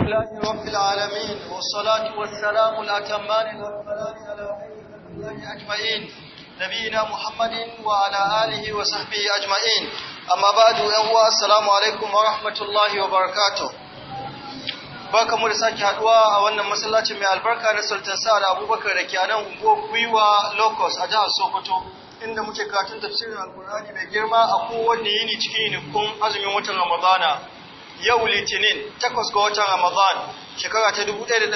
لله رب العالمين والصلاة والسلام الأكمان الأكملان على الله أجمعين نبينا محمد وعلى آله وصحبه أجمعين أما بعد أهوى السلام عليكم ورحمة الله وبركاته Baka mu da sake haduwa a wannan masallacin mai albarka na Sultan da Abubakar da ke a nan unguwar Gwiwa Locust a jihar Sokoto inda muke karatun tafsirin Alkur'ani mai girma a kowanne yini cikin yinikun azumin watan Ramadana yau litinin takwas ga watan ramadan shekara ta 1440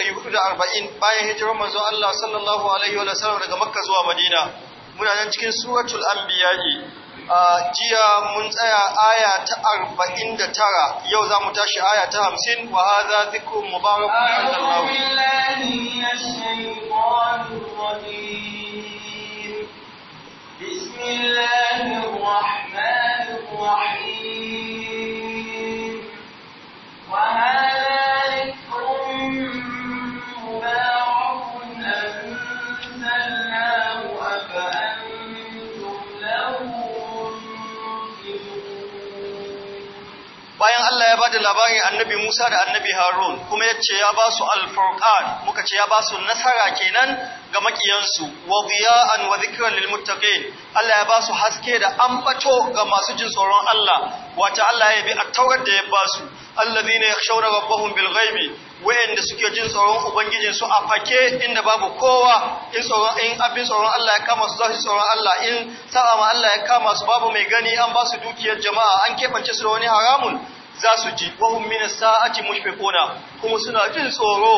bayan hijirar manzo Allah sallallahu alaihi wa sallam daga makka zuwa madina muna nan cikin suratul anbiya a jiya mun tsaya aya ta 49 yau za mu tashi aya ta 50 wa hadha dhikrun mubarakun sallallahu بسم الله الرحمن الرحيم 安。bayan Allah ya bada labarin annabi Musa da annabi Harun kuma ya ce ya ba su alfurkan, muka ce ya ba su nasara kenan ga makiyansu wa dhiya'an wa dhikran lil muttaqin Allah ya ba su haske da ambato ga masu jin tsoron Allah wata Allah ya bi at-taurat da ya ba su alladhina yakhshawna rabbahum bil ghaibi wayanda suke jin tsoron ubangijin su a fake inda babu kowa in tsoron in abin tsoron Allah ya kama su za su tsoron Allah in sa'a ma Allah ya kama su babu mai gani an ba su dukiyar jama'a an kefance su da wani haramun za su ji wahum min sa'ati mushfiquna kuma suna jin tsoro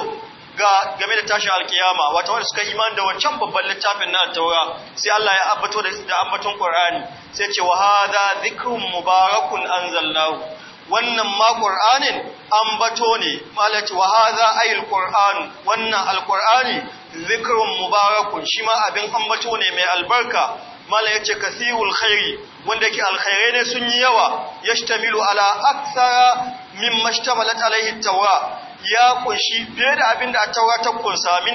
ga game da tashin alkiyama wata wanda suka iman da wancan babban littafin na taura sai Allah ya ambato da ambaton Qur'ani sai ce wa hadha dhikrun mubarakun anzalnahu wannan ma an ambato ne malati wa hadha ayil qur'an wannan Alƙur'ani, zikirin mubarakun shi ma abin ambato ne mai albarka mala yace kasirul khairi wanda yake alkhairai ne sun yi yawa yashtamilu ala aktsara mimma shtamalat alaihi taura ya kunshi fiye da abin da a taura ta kunsa min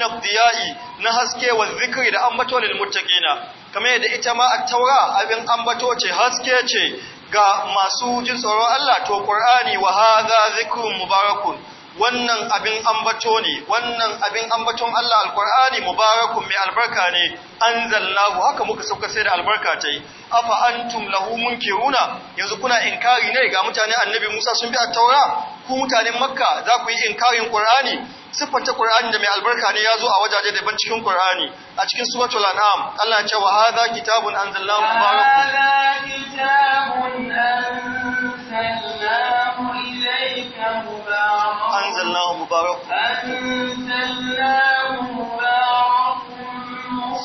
na haske wa zikri da ambato lil muttaqina kamar yadda ita ma a taura abin ambato ce haske ce ga masu jin tsoron Allah to Qur'ani wa hadha zikrun mubarakun wannan abin ambato ne wannan abin ambaton Allah al-Qur'ani mubarakun mai albarka ne anzalnahu haka muka sauka sai da albarka tai afa antum lahu munkiruna yanzu kuna inkari ne ga mutane annabi Musa sun bi at-taura ku mutanen Makka za ku yi inkarin Qur'ani siffanta Qur'ani da mai albarka ne yazo a wajaje daban cikin Qur'ani a cikin suratul an'am Allah ya ce wa hadha kitabun anzalnahu mubarakun hadha kitabun anzalnahu ilayka mubarakun anzalnahu mubarakun anzalnahu mubarakun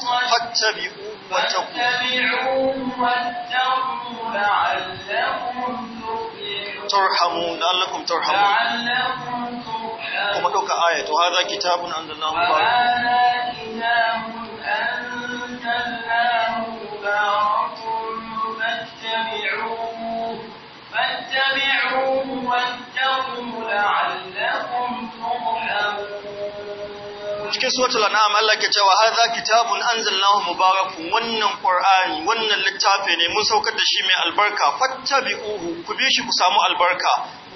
فاتبعوا واتقوه واتقوا لعلكم ترحمون لعلكم ترحمون آية، كتاب عند الله to وهذا إله an da lahu فاتبعوه واتقوا cikin suratul an'am Allah ke cewa hadha kitabun anzalnahu mubarakun wannan qur'ani wannan littafi ne mun saukar da shi mai albarka fattabi'uhu ku bi shi ku samu albarka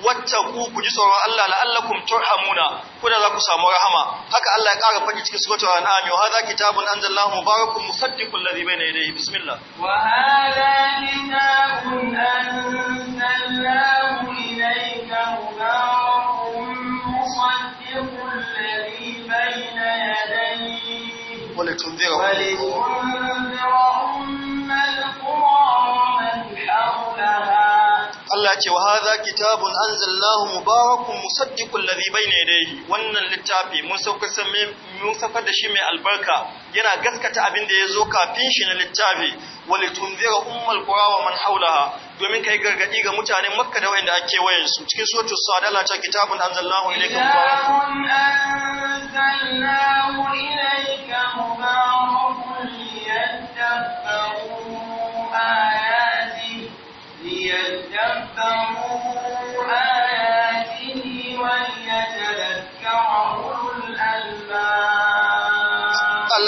wattaku ku ji tsoron Allah la'allakum turhamuna da za ku samu rahama haka Allah ya ƙara faɗi cikin suratul an'am wa hadha kitabun anzalnahu mubarakun musaddiqul ladhi bayna yadayhi bismillah wa hadha kitabun anzalnahu ولتنذر Allah ce wa hadha kitabun anzalallahu mubarakun musaddiqul ladhi bayna yadayhi wannan littafi mun sauka mun saukar da shi mai albarka yana gaskata abin da yazo kafin shi na littafi walitunzira ummul qura wa man hawlaha domin kai gargadi ga mutanen makka da wayanda ake wayan su cikin suratu sadala ta kitabun anzalallahu ilayka mubarakun anzalallahu ربك مبارك ليدبروا آياته ليدبروا آياته وليتذكره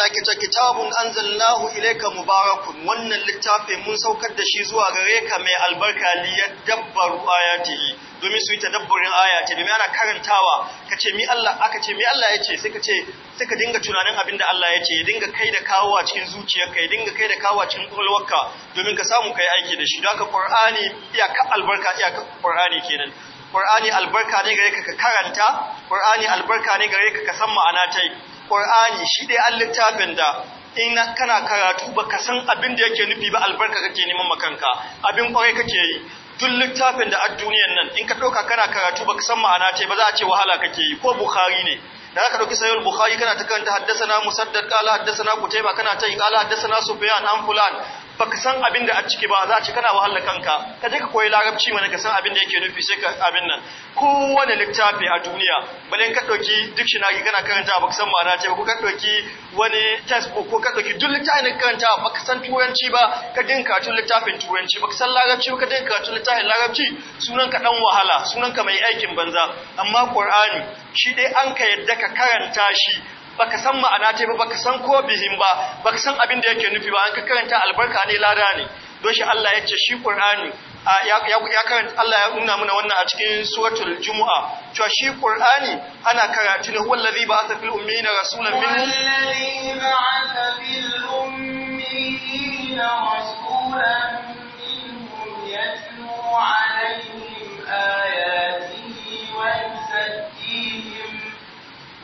Kita kitabun anzalnahu ilayka mubarakun wannan littafi mun saukar da shi zuwa gare ka mai albarka li yadabbaru ayatihi domin su yi tadabburin ayati domin ana karantawa kace mi Allah aka ce mi Allah yace sai kace ce sai ka dinga tunanin abin da Allah yace ya dinga kai da kawo a cikin zuciyarka ya dinga kai da kawo a cikin kwakwalwarka domin ka samu kai aiki da shi don ka Qur'ani iyaka albarka iyaka Qur'ani kenan Qur'ani albarka ne gare ka ka karanta Qur'ani albarka ne gare ka ka san ma'ana tai Qur'ani shi dai an littafin da in kana karatu ba ka san abin da yake nufi ba albarka kake neman makanka abin kwarai kake yi duk littafin da a nan in ka ɗauka kana karatu ba ka san ma'ana ce ba za a ce wahala kake yi ko Bukhari ne da aka ɗauki sayyid bukhari kana ta haddasa na musaddad qala haddathana kutayba kana ta yi qala na sufyan an fulan baka san abin da a ciki ba za a ci kana wahala kanka ka je ka koyi larabci mana ka san abin da yake nufi sai ka abin nan kowane littafi a duniya balen ka dauki dictionary kana karanta baka san ma'ana ce ko ka dauki wani textbook ko ka dauki duk littafin karanta baka san turanci ba ka din karatun littafin turanci baka san larabci ka din karatun littafin larabci sunan ka dan wahala sunan ka mai aikin banza amma qur'ani shi dai an ka yadda ka karanta shi baka san ma'ana ta ba baka san ko bihin ba baka san abin da yake nufi ba an ka karanta albarka ne lada ne don shi Allah ya ce shi Qur'ani ya karanta Allah ya nuna mana wannan a cikin suratul Jumu'a cewa shi Qur'ani ana karatu ne wallazi ba'atha fil ummiyina rasulan minhum wallazi ba'atha fil rasulan minhum yatlu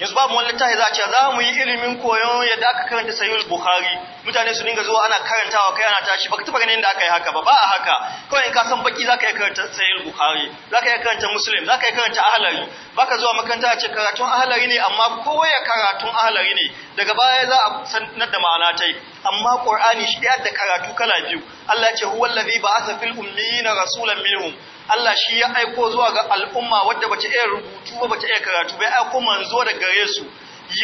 yanzu babu wani littafi za a ce za mu yi ilimin koyon yadda aka karanta sayyid bukhari mutane su dinga zuwa ana karantawa kai ana tashi baka taba ganin da aka yi haka ba ba a haka kawai in ka san baki za ka yi karanta sayyid bukhari za ka yi karanta muslim za ka yi karanta ahlari baka zuwa makaranta a ce karatun ahlari ne amma kowa ya karatun ahlari ne daga baya za a sanar da ma'ana ta amma qur'ani shi da karatu kala biyu Allah ya ce huwallazi ba'atha fil ummiyina rasulan minhum Allah shi ya aiko zuwa ga al'umma wadda bace iya rubutu ba bace iya karatu ba ya aiko manzo da gare su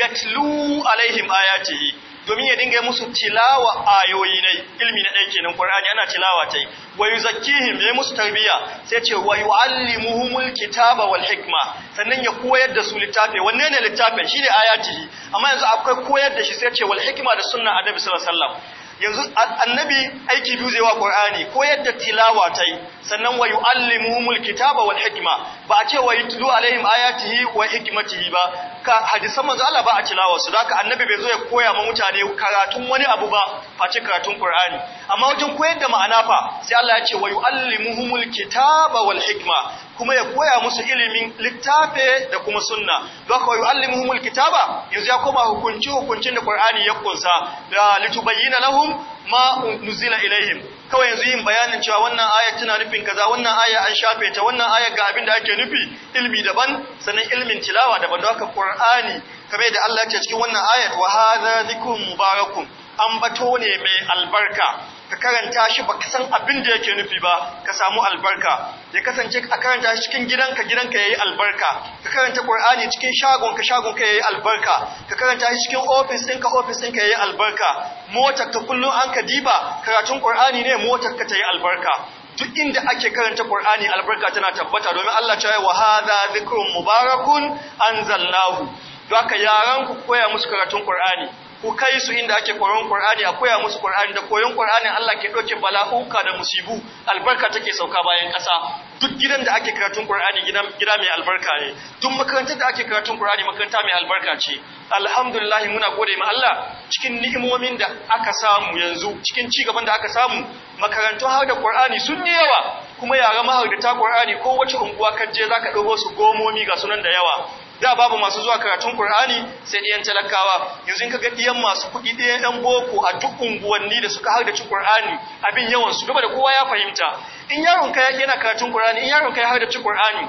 yatlu alaihim ayatihi domin ya dinga musu tilawa ayoyi ne ilmi na ɗaya kenan Qur'ani ana tilawa tai wa yuzakkihim ya musu tarbiya sai ce wa yuallimuhumul kitaba wal hikma sannan ya koyar da su littafi wanne ne littafin shine ayatihi amma yanzu akwai koyar da shi sai ce wal hikma da sunna annabi sallallahu alaihi wasallam yanzu annabi aiki biyu zai wa qur'ani ko yadda tilawa tai sannan wa yuallimuhumul kitaba wal hikma ba a ce wa yatlu alaihim ayatihi wa hikmatihi ba ka hadisan manzo Allah ba a tilawa su daka annabi bai zo ya koya ma mutane karatun wani abu ba face karatun qur'ani amma wajen koyar da ma'ana fa sai Allah ya ce wa yuallimuhumul kitaba wal hikma kuma ya koya musu ilimin littafi da kuma sunna don kawai yu'allimuhumul kitaba yanzu ya koma hukunci hukuncin da Qur'ani ya kunsa da litubayyana lahum ma nuzila ilaihim kawai yanzu yin bayanin cewa wannan aya tana nufin kaza wannan aya an shafe ta wannan aya ga abin da ake nufi ilmi daban sannan ilmin tilawa daban don haka Qur'ani kamar da Allah ya ce cikin wannan aya wa hadha mubarakun an bato ne mai albarka ka karanta shi ba ka san abin da yake nufi ba ka samu albarka ya kasance a karanta shi cikin gidanka gidanka yayi albarka ka karanta Qur'ani cikin shagon ka ka ya yayi albarka ka karanta shi cikin office ɗinka office ɗinka yayi albarka motar ka kullun an ka diba karatun Qur'ani ne motar ka tayi albarka duk inda ake karanta Qur'ani albarka tana tabbata domin Allah ya ce wa hadha dhikrun mubarakun anzalnahu haka yaran ku koya musu karatun Qur'ani ku kai su inda ake koyon Qur'ani a koya musu Qur'ani da koyon Qur'ani Allah ke doke bala'uka da musibu albarka take sauka bayan kasa. duk gidan da ake karatun Qur'ani gida mai albarka ne duk makarantar da ake karatun Qur'ani makaranta mai albarka ce alhamdulillah muna gode ma Allah cikin ni'imomin da aka samu yanzu cikin ci gaban da aka samu makarantu har da Qur'ani sun yi yawa kuma yaran mahar da ta Qur'ani ko wace unguwa kaje zaka dubo su gomomi ga sunan da yawa da babu masu zuwa karatun Qur'ani sai ɗiyan talakawa yanzu in kaga ɗiyan masu kuɗi ɗiyan ɗan boko a duk unguwanni da suka harda ci Qur'ani abin yawan su duba da kowa ya fahimta in yaron ka yana karatun Qur'ani in yaron ka ya harda ci Qur'ani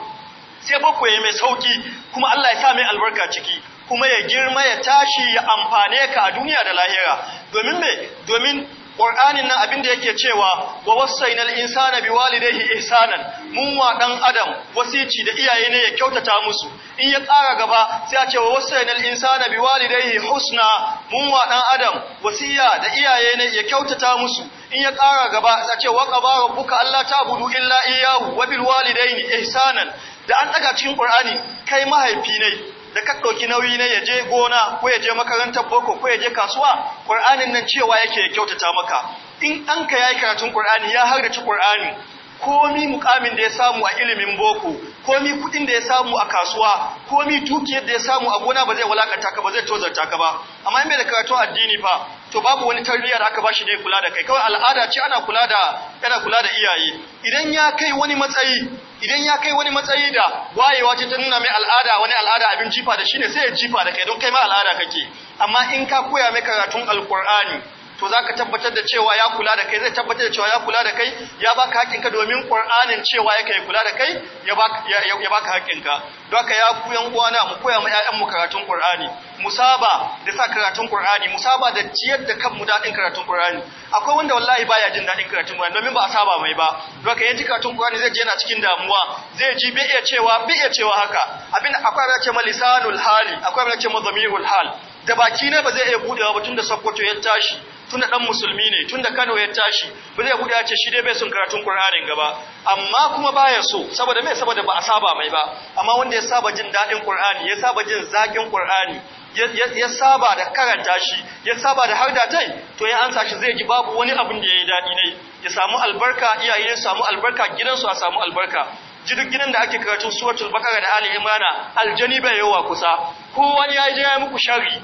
sai boko yayi mai sauki kuma Allah ya sa mai albarka ciki kuma ya girma ya tashi ya amfane ka a duniya da lahira domin me domin Qur'anin nan abin yake cewa wa wasainal insana biwalidayhi ihsanan mun wa dan adam wasici da iyaye ne ya kyautata musu in ya tsara gaba sai a ce wa wasainal insana biwalidayhi husna mun wa dan adam wasiya da iyaye ne ya kyautata musu in ya tsara gaba sai a ce wa buka Allah ta budu illa iyahu wa bil walidayni ihsanan da an daga cikin Qur'ani kai mahaifi ne da ka ɗauki nauyi ne ya je gona ko ya je makarantar boko ko ya je kasuwa ƙur'anin nan cewa yake ya kyautata maka in anka ya yi karatun ƙur'ani ya hardaci ƙur'ani komi mukamin da ya samu a ilimin boko komi kudin da ya samu a kasuwa komi dukiyar da ya samu a gona ba zai walakanta ka ba zai tozarta ka ba amma in bai da karatu addini fa to babu wani tarbiyya da aka bashi ne kula da kai kawai al'ada ce ana kula da kana kula da iyaye idan ya kai wani matsayi idan ya kai wani matsayi da wayewa ce ta nuna mai al'ada wani al'ada abin jifa da shine sai ya jifa da kai don kai ma al'ada kake amma in ka koya mai karatun alqur'ani to za ka tabbatar da cewa ya kula da kai zai tabbatar da cewa ya kula da kai ya ba ka haƙinka domin ƙwar'anin cewa ya kai kula da kai ya ba ka haƙinka don ka ya ku yan uwana mu koya mu ƴaƴan mu karatun mu saba da sa karatun mu saba da ciyar da kanmu daɗin karatun ƙwar'ani akwai wanda wallahi baya jin daɗin karatun ƙwar'ani domin ba a saba mai ba don ka yanci karatun ƙwar'ani zai je yana cikin damuwa zai ji bai iya cewa bai iya cewa haka abin akwai abin da ce malisanul hali akwai abin da ce mazamirul hal da baki ne ba zai iya budewa ba tunda sakkwato ya tashi tun da ɗan musulmi ne tunda Kano ya tashi ba zai ya ce shi dai bai sun karatun Qur'anin gaba amma kuma baya so saboda mai saboda ba a saba mai ba amma wanda ya saba jin daɗin ƙur'ani, ya saba jin zakin ƙur'ani, ya saba da karanta shi ya saba da har da tai to ya ansa shi zai ji babu wani abin da ya yi daɗi ne ya samu albarka iyaye su samu albarka gidansu a samu albarka jirgin da ake karatu suratul bakara da ali rana, aljani bai yawa kusa ko wani ya yi ya muku shari.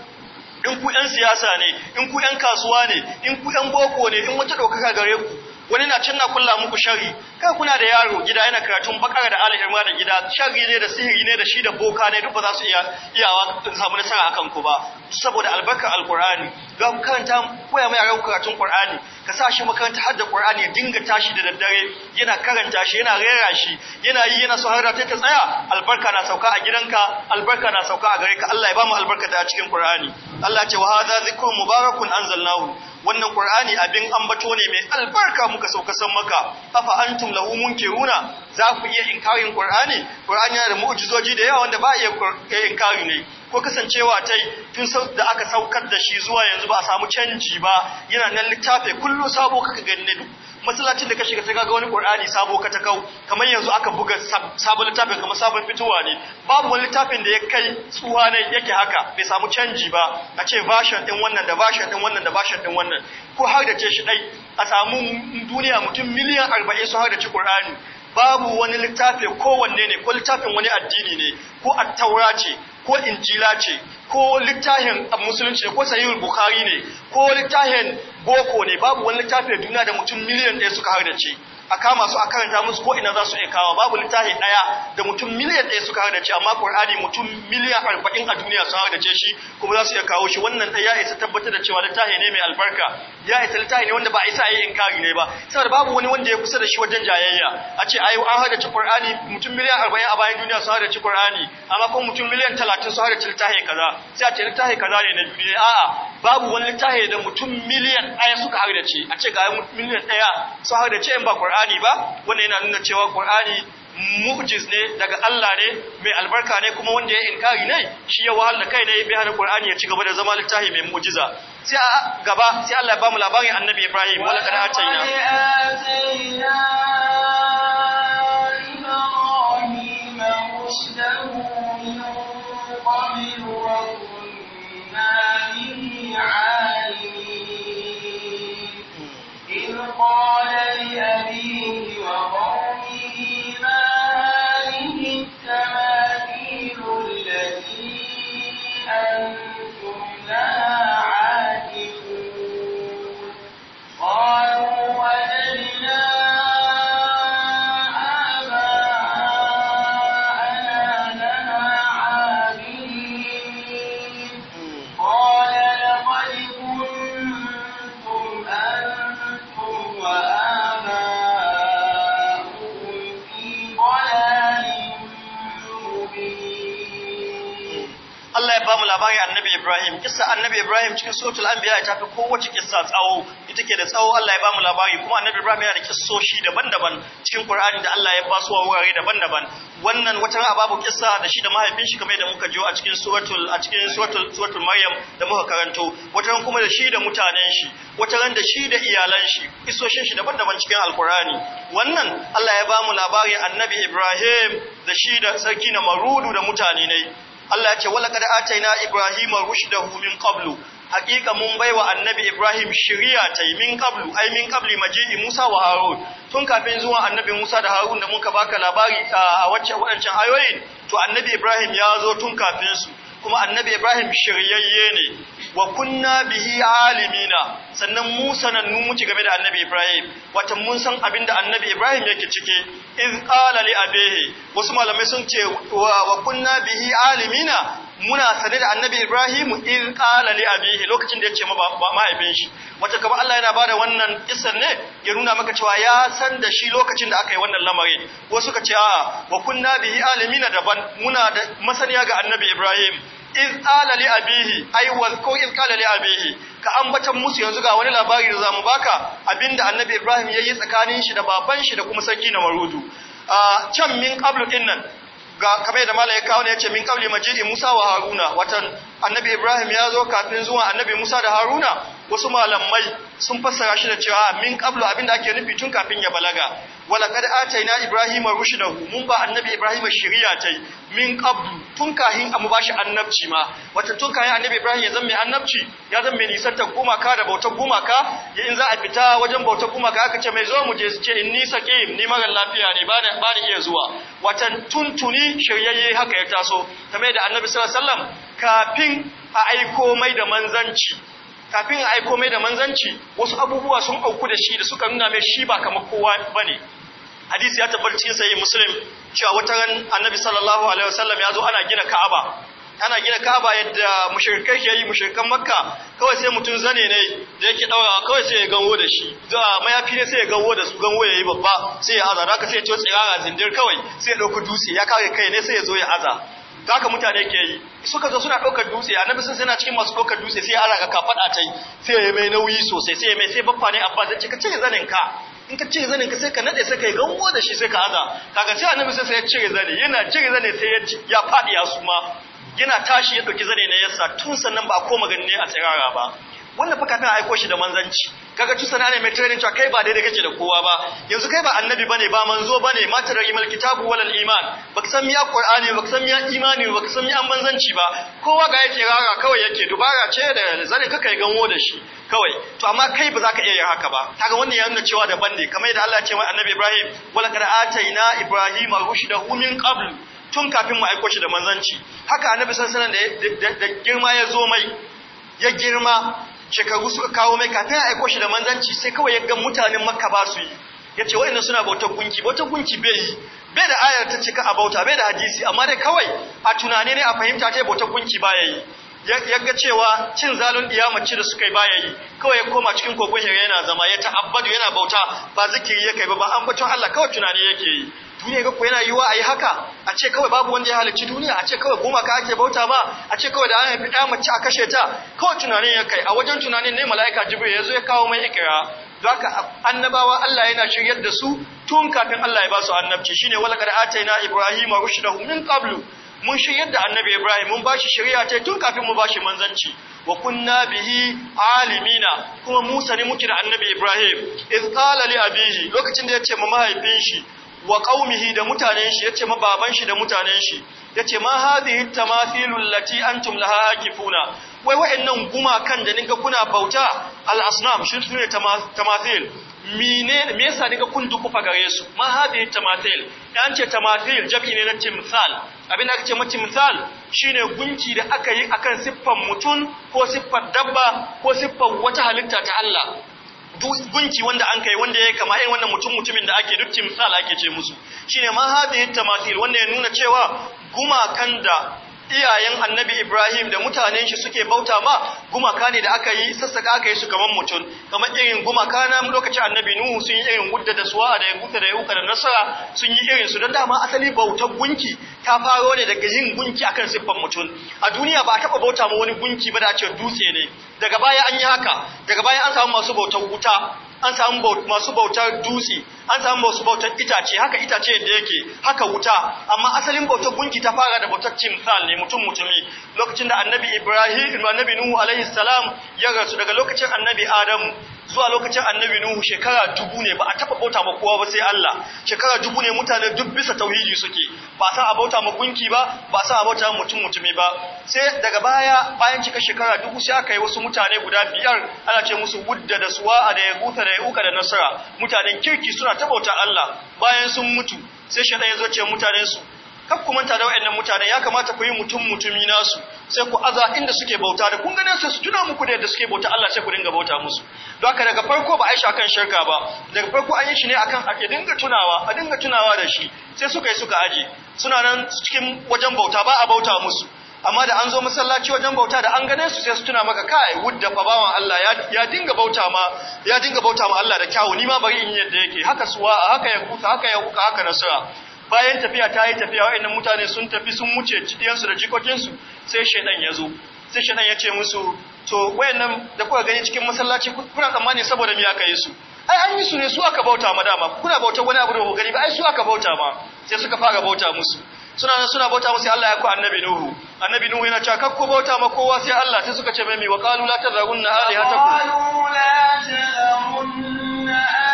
in ku ‘yan siyasa ne, in ku ‘yan kasuwa ne, in ku ‘yan boko ne, in wata ɗaukaka gare ku, wani na can na kulla muku shari, kai kuna da yaro gida yana karatun bakar da ma da gida, shari ne da sihiri ne da shi da boka ne duk ba za su iya iyawa samu nasara a kanku ba, saboda albarkar alkur'ani, za ku karanta koya mai yaran karatun kur'ani, ka sa shi makaranta har da Qur'ani ya dinga tashi da daddare yana karanta shi yana rera shi yana yi yana so har ta tsaya albarka na sauka a gidanka albarka na sauka a gare ka Allah ya ba mu albarka ta cikin Qur'ani Allah ce wa hadha zikrun mubarakun anzalnahu wannan Qur'ani abin ambato ne mai albarka muka sauka san maka afa antum lahu munkiruna za ku iya inkarin Qur'ani Qur'ani yana da mu'jizoji da yawa wanda ba iya inkari ne ko kasancewa ta tun da aka saukar da shi zuwa yanzu ba a samu canji ba yana nan littafi kullum sabo kaka ganin, ne masallacin da ka shiga sai kaga wani Qur'ani sabo ka ta kau kamar yanzu aka buga sabon littafin kamar sabon fitowa ne babu wani littafin da ya kai tsuwa ne yake haka bai samu canji ba a ce version din wannan da version din wannan da version din wannan ko har da ce shi dai a samu duniya mutum miliyan 40 sun har da ci Qur'ani babu wani littafi kowanne ne ko littafin wani addini ne ko attaura ce ko injila ce ko littafin musulunci ko sahihul bukhari ne ko littafin boko ne babu wani littafin da duniya da mutum miliyan ɗaya suka har ce a kama su a karanta musu ko ina za su iya kawo babu littafi daya da mutum miliyan ɗaya suka ci. amma Qur'ani mutum miliyan arba'in a duniya su ce shi kuma za su iya kawo shi wannan ɗaya ya isa tabbatar da cewa littafi ne mai albarka ya isa littafi ne wanda ba isa yi inkari ne ba saboda babu wani wanda ya kusa da shi wajen jayayya a ce ayi an ci Qur'ani mutum miliyan arba'in a bayan duniya su ci Qur'ani amma kuma mutum miliyan talatin su ci littafi kaza sai a ce littafi kaza ne na duniya a'a babu wani littafi da mutum miliyan ɗaya suka hardace a ce ga miliyan ɗaya su hardace in ba Qur'ani Qur'ani ba wannan yana nuna cewa Qur'ani mu'jiz ne daga Allah ne mai albarka ne kuma wanda ya inkari ne shi ya wahala kai ne bai hana Qur'ani ya ci gaba da zama littafi mai mu'jiza sai a gaba sai Allah ya ba mu labarin Annabi Ibrahim wala kana atayna Ibrahim kissa annabi Ibrahim cikin suratul anbiya ta fi kowace kissa tsawo ita ke da tsawo Allah ya ba mu labari kuma annabi Ibrahim yana da kissoshi daban-daban cikin Qur'ani da Allah ya ba su wurare daban-daban wannan wata ran babu kissa da shi da mahaifin shi kamar da muka jiyo a cikin suratul a cikin suratul suratul Maryam da muka karanto wata ran kuma da shi da mutanen shi wata ran da shi da iyalan shi kissoshin shi daban-daban cikin Alqur'ani wannan Allah ya ba mu labarin annabi Ibrahim da shi da sarki na marudu da mutane ne Allah ya ce wala kad ataina ibrahima rushdahu min qablu hakika mun baiwa annabi ibrahim shiriya ta min qablu ai min qabli maji'i musa wa harun tun kafin zuwa annabi musa da harun da muka baka labari a wacce wadancan ayoyin to annabi ibrahim ya zo tun kafin su kuma annabi Ibrahim shiryayye ne wa kunna bihi alimina sannan mu sanannu muke game da annabi Ibrahim wata mun san abin da annabi Ibrahim yake cike iz qala li abehi wasu malamai sun ce wa kunna bihi alimina muna sane da annabi Ibrahim in qala li abihi lokacin da ce mahaifin shi wata kaba Allah yana bada wannan kissan ne ya nuna maka cewa ya san da shi lokacin da aka yi wannan lamari wasu suka ce a wa kunna bihi alimina daban muna da masaniya ga annabi Ibrahim in qala li abihi wa ko in qala li abihi ka ambatan musu yanzu ga wani labari da zamu baka abinda annabi Ibrahim yayi tsakanin shi da baban shi da kuma sarki na Marudu a can min qablu dinnan ga kamar da mala'ika ya ne ya ce min kawli majidi Musa wa Haruna watan annabi Ibrahim ya zo kafin zuwa annabi Musa da Haruna wasu malamai sun fassara shi da cewa ah, min qablu abinda ake nufi tun kafin ya balaga wala kad ataina ibrahima rushdahu mun ba annabi ibrahima shari'a tai min qablu tun kahin ba bashi annabci ma wata tun kahin annabi ibrahim ya zama mai annabci ya zama mai goma gumaka da bautar gumaka in za a fita wajen bautar gumaka aka ce mai zo mu je ce ni saqim ni mara lafiya ne ba ba iya zuwa wata tuntuni shiryayye haka ya taso mai da annabi sallallahu alaihi wasallam kafin a aiko mai da manzanci kafin a aiko mai da manzanci wasu abubuwa sun auku da shi da suka nuna mai shi ba kamar kowa ba ne. hadisi ya tabbar cikin sayi musulun cewa wata ran annabi sallallahu alaihi wasallam ya zo ana gina ka'aba ana gina ka'aba yadda mushrikai ke yi mushirkan makka kawai sai mutum zane ne da yake daura kawai sai ya ganwo da shi da mayafi ne sai ya ganwo da su ganwo yi babba sai ya aza haka sai ya ci tsirara zindir kawai sai ya ɗauki dutse ya kare kai ne sai ya zo ya aza Zaka mutane ke yi suka zo suna ɗaukar dutse annabi sun suna cikin masu ɗaukar dutse sai Allah ka kafaɗa ta sai ya mai nauyi sosai sai ya mai sai baffa ne abba zai cika ka cire zanin ka in ka cire zanin ka sai ka nade sai ka yi gango da shi sai ka aza kaga sai annabi sai ya cire zani yana cire zane sai ya faɗi ya suma yana tashi ya ɗauki zane na yasa tun sannan ba a koma ganin ne a tsirara ba wannan fa kafin a aiko shi da manzanci kaga tusa na ne mai training cewa kai ba daidai kake da kowa ba yanzu kai ba annabi bane ba manzo bane matar mal kitabu wal iman baka san miya qur'ani baka san miya imani baka san miya manzanci ba kowa ga yake rara kawai yake dubara ce da zane kaka ya ganwo da shi kawai to amma kai ba za ka iya yin haka ba kaga wannan ya nuna cewa daban ne kamar yadda Allah ya ce wa annabi Ibrahim wala kad ataina ibrahima rushdahu min qabl tun kafin mu aiko shi da manzanci haka annabi sallallahu alaihi wasallam da girma ya zo mai ya girma shekaru suka kawo mai kafin a aiko shi da manzanci sai kawai ya ga mutanen makka ba su yi ya ce waɗanda suna bautar gunki bautar gunki bai yi bai da ayar ta cika a bauta bai da hadisi amma dai kawai a tunani ne a fahimta ta yi bautar gunki ya yi ya ga cewa cin zalun iyamaci da suka yi baya yi kawai ya koma cikin kogon yana zama ya ta'abbadu yana bauta ba zikiri ya kai ba ba an bacin Allah kawai tunani yake yi duniya ga ku yana yiwa a yi haka a ce kawai babu wanda ya halicci duniya a ce kawai goma ka ake bauta ba a ce kawai da an haifi ɗaya mace a kashe ta kawai tunanin ya kai a wajen tunanin ne mala'ika jibril ya zo ya kawo mai ikira haka annabawa Allah yana shiryar da su tun kafin Allah ya ba su annabci shine wala kad ataina ibrahima rushdahu min qablu mun shiryar da annabi ibrahim mun bashi shari'a ta tun kafin mu bashi manzanci wa kunna bihi alimina kuma musa ne muke da annabi ibrahim iz qala li abihi lokacin da ya ce ma mahaifin shi wa qaumihi da mutanen shi yace ma baban shi da mutanen shi yace ma hadhihi tamathilul lati antum laha akifuna wai wa'annan gumakan da ninka kuna bauta al asnam shi sune tamathil mine me yasa ninka kun duku gare su ma hadhihi tamathil dan ce tamathil jabi ne na timsal abin da kace ce timsal shine gunki da aka yi akan siffan mutum ko siffar dabba ko siffar wata halitta ta Allah gunki wanda an kai wanda ya kama irin wannan mutum mutumin da ake duk misali ake ce musu shine ma hadhihi tamathil wanda ya nuna cewa gumakan da iyayen annabi Ibrahim da mutanen shi suke bauta ma gumaka ne da aka yi sassaka aka yi su kamar mutum kamar irin gumaka na lokacin annabi Nuhu sun yi irin gudda da suwa da yankuta da yauka da nasara sun yi irin su don dama asali bautar gunki ta faro ne daga yin gunki akan siffar mutum a duniya ba a taɓa bauta ma wani gunki ba da a ce dutse ne daga baya an yi haka daga baya an samu masu bautar wuta an samu masu bautar dutse an samu masu bautar itace haka itace yadda yake haka wuta amma asalin bautar gunki ta fara da bautar timsal ne mutum mutumi lokacin da annabi ibrahim annabi nuhu alaihi salam ya rasu daga lokacin annabi adamu zuwa lokacin annabi Nuhu shekara dubu ne ba a taba bauta ma kowa ba sai Allah shekara dubu ne mutane duk bisa tauhidi suke ba sa a bauta ma gunki ba ba sa a bauta ma mutum mutumi ba sai daga baya bayan cika shekara dubu sai aka yi wasu mutane guda biyar ana ce musu wudda da suwa a da yaguta da ya uka da nasara mutanen kirki suna ta bauta Allah bayan sun mutu sai shaɗa ya zo ce mutanen su kar ku manta da wayannan mutane ya kamata ku yi mutum mutumi nasu sai ku aza inda suke bauta da kun ganin su tuna muku da yadda suke bauta Allah sai ku dinga bauta musu don haka daga farko ba Aisha kan shirka ba daga farko an yi shi ne akan a dinga tunawa a dinga tunawa da shi sai suka yi suka aje suna nan cikin wajen bauta ba a bauta musu amma da an zo masallaci wajen bauta da an gane su sai su tuna maka kai wudda fa bawan Allah ya dinga bauta ma ya dinga bauta ma Allah da kyawu ni ma bari in yadda yake haka suwa haka ya kuka haka ya kuka haka nasara bayan tafiya ta yi tafiya wa'in mutane sun tafi sun wuce cidiyansu da jikokinsu sai shaidan ya zo sai shaidan ya ce musu to wayannan da kuka gani cikin masallaci kuna tsammani saboda me aka yi su ai an yi su ne su aka bauta ma dama kuna bauta wani abu da ku gani ba ai su aka bauta ma sai suka fara bauta musu suna nan suna bauta musu Allah ya ku annabi nuhu annabi nuhu yana cewa kakko bauta ma kowa sai Allah sai suka ce mai wa qalu la tadrunna alihatakum qalu la tadrunna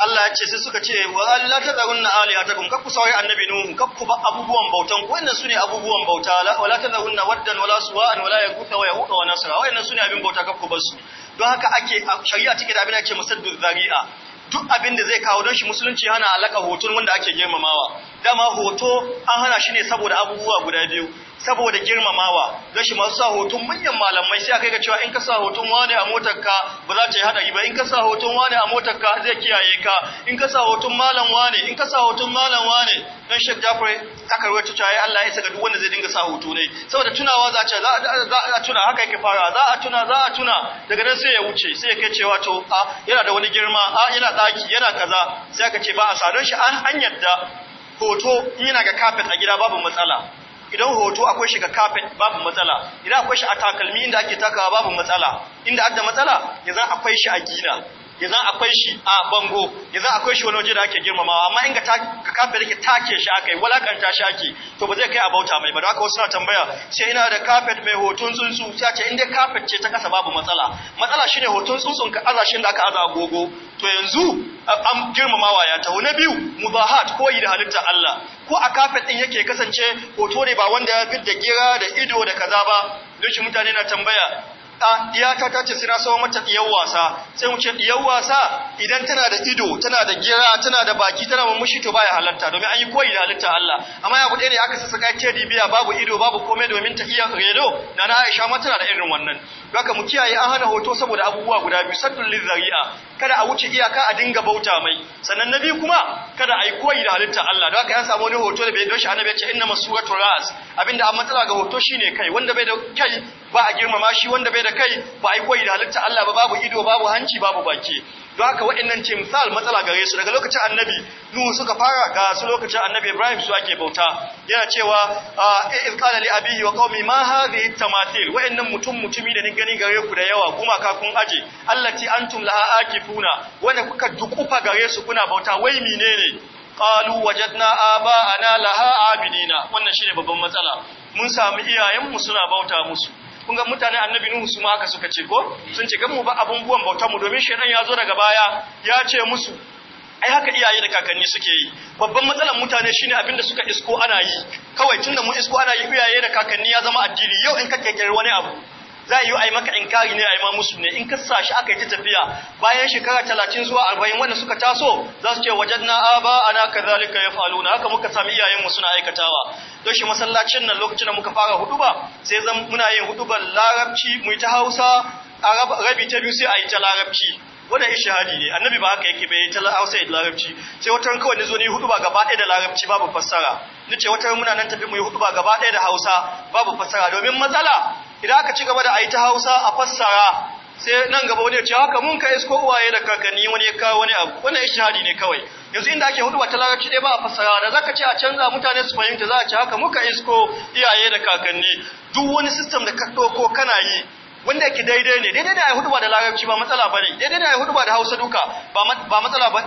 Allah ya ce sai suka ce wa la ta zarunna alihatakum kakku sauye annabi nuhu kakku ba abubuwan bautan ku wannan sune abubuwan bauta wala ta zarunna waddan wala suwa'an wala yaquta wa yahuqa wa nasra wannan sune abin bauta kakku basu don haka ake shari'a take da abin ake musaddu zari'a duk abin da zai kawo don shi musulunci hana alaka hoton wanda ake girmamawa dama hoto an hana shi ne saboda abubuwa guda biyu saboda girmamawa gashi masu sa hoton manyan malamai sai akai ga cewa in ka sa hoton wani a motarka ba za ta yi hadari ba in ka sa hoton wani a motarka zai kiyaye ka in ka sa hoton malam wani in ka sa hoton malam wani dan shek jafre aka ta cewa Allah ya saka duk wanda zai dinga sa hoto ne saboda tunawa za ta za a tuna haka yake fara za a tuna za a tuna daga nan sai ya wuce sai ya kai cewa to a yana da wani girma a yana daki yana kaza sai aka ce ba a sa don shi an yadda hoto yana ga kafet a gida babu matsala idan hoto akwai shi ga carpet babu matsala idan akwai shi a takalmi inda ake takawa babu matsala inda adda matsala yanzu akwai shi a gina yanzu akwai shi a bango yanzu akwai shi wani waje da ake girmamawa amma in ga da ke take shi akai walakanta shi ake to ba zai kai a bauta mai ba haka wasu na tambaya sai ina da kafe mai hoton tsuntsu sai ce in dai kafet ce ta kasa babu matsala matsala shine hoton tsuntsun ka aza shi da aka aza agogo to yanzu an girmamawa ya taho na biyu mubahat koyi da halitta Allah ko a kafet din yake kasance hoto ne ba wanda ya fi da gira da ido da kaza ba don mutane na tambaya iyaka ta ce suna sawa mata diyar wasa sai mu ce diyar wasa idan tana da ido tana da gira tana da baki tana mushi to baya halatta domin an yi koyi da halitta Allah amma ya kuɗe ne aka sassaka kedi biya babu ido babu komai domin ta iya redo na na Aisha ma tana da irin wannan baka mu kiyaye an hana hoto saboda abubuwa guda biyu saddul lizzari'a kada a wuce iyaka a dinga bauta mai sannan na biyu kuma kada a yi koyi da halitta Allah don haka ya samu wani hoto da bai doshi annabi ya ce inna masuratul ras abinda an matsala ga hoto shine kai wanda bai da kai ba a girmama shi wanda bai da kai ba a yi koyi da halitta Allah ba babu ido babu hanci babu baki don haka waɗannan ce misal matsala gare su daga lokacin annabi nuhu suka fara ga su lokacin annabi ibrahim su ake bauta yana cewa eh, iz qala li abihi wa qaumi ma hadhihi tamathil waɗannan mutum mutumi da ni gani gare ku da yawa kuma ka kun aje allati antum laha akifuna wanda kuka dukufa gare su kuna bauta wai menene qalu wajadna aba'ana laha abidina wannan shine babban matsala mun samu mu suna bauta musu kun ga mutane annabi nuhu su ma haka suka ce ko sun ce gan mu ba abubuwan bautar mu domin shedan ya zo daga baya ya ce musu ai haka iyaye da kakanni suke yi babban matsalar mutane shine abin da suka isko ana yi kawai tunda mu isko ana yi iyaye da kakanni ya zama addini yau in ka kirkiri wani abu Za a yi ai maka kari ne a ima musu ne in ka shi aka yi ta tafiya bayan shekara talatin zuwa arba'in wanda suka taso za su ce wajen wajadna aba ana faru na haka muka sami iyayenmu suna aikatawa don shi masallacin nan lokacin da muka fara huduba sai zan muna yin hudubar larabci mu ta Hausa rabi ta biyu sai a yi ta larabci ya shahadi ne annabi ba haka yake bai ta Hausa da larabci sai wata kawai ne zo ni hudu ba gaba ɗaya da larabci babu fassara nace wata muna nan tafi mu yi hudu ba gaba ɗaya da Hausa babu fassara domin matsala idan aka ci gaba da ayi ta Hausa a fassara sai nan gaba wani ya ce haka mun ka isko uwaye da kakanni wani ya kawo wani abu wannan ishadi ne kawai yanzu inda ake hudu ba ta larabci dai ba a fassara da zaka ce a canza mutane su fahimta za a ce haka muka isko iyaye da kakanni duk wani system da ka ɗauko kana yi wanda yake daidai ne daidai da yahudu ba da larabci ba matsala ba ne daidai da yahudu ba da hausa duka ba matsala ba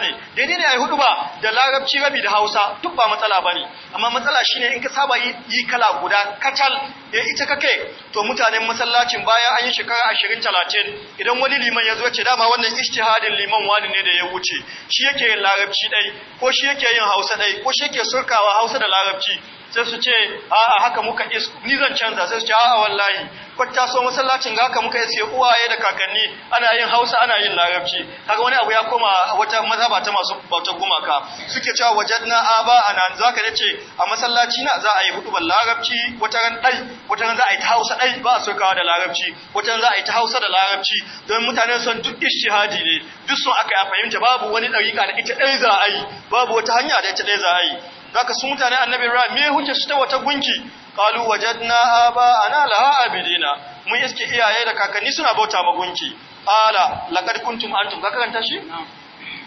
ne daidai da yahudu ba da larabci rabi da hausa duk ba matsala bane. amma matsala shine in ka saba yi kala guda kacal ya eh, ita kake to mutanen masallacin bayan an yi shekara ashirin talatin idan wani liman ya zo ce dama wannan ishtihadin liman wani ne da ya wuce shi yake yin larabci ɗai ko shi yake yin hausa ɗai ko shi yake surkawa hausa da larabci sai su ce a'a haka muka isku ni zan canza sai su ce a'a wallahi kwatta so masallacin ga haka muka iske uwaye da kakanni ana yin Hausa ana yin Larabci kaga wani abu ya koma wata mazhaba ta masu bautar gumaka suke cewa wajadna aba anan zaka dace a masallaci na za a yi hudu Larabci wata ran dai wata ran za a yi ta Hausa dai ba so kawo da Larabci wata ran za a yi ta Hausa da Larabci don mutane son duk ishihadi ne duk sun aka fahimta babu wani ka da ita dai za a yi babu wata hanya da ita dai za a yi zaka su mutane annabi ra me hujja su ta wata gunki qalu wajadna aba ana laha abidina mun iske iyaye da kakanni suna bauta ma gunki ala laqad kuntum antum ka karanta shi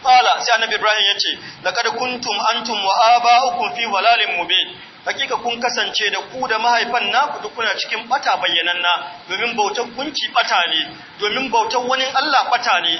Ala, sai annabi Ibrahim yace laqad kuntum antum wa aba'ukum fi walalin mubin hakika kun kasance da ku da mahaifan naku duk kuna cikin bata bayyananna domin bautar gunki bata ne domin bautar wani Allah bata ne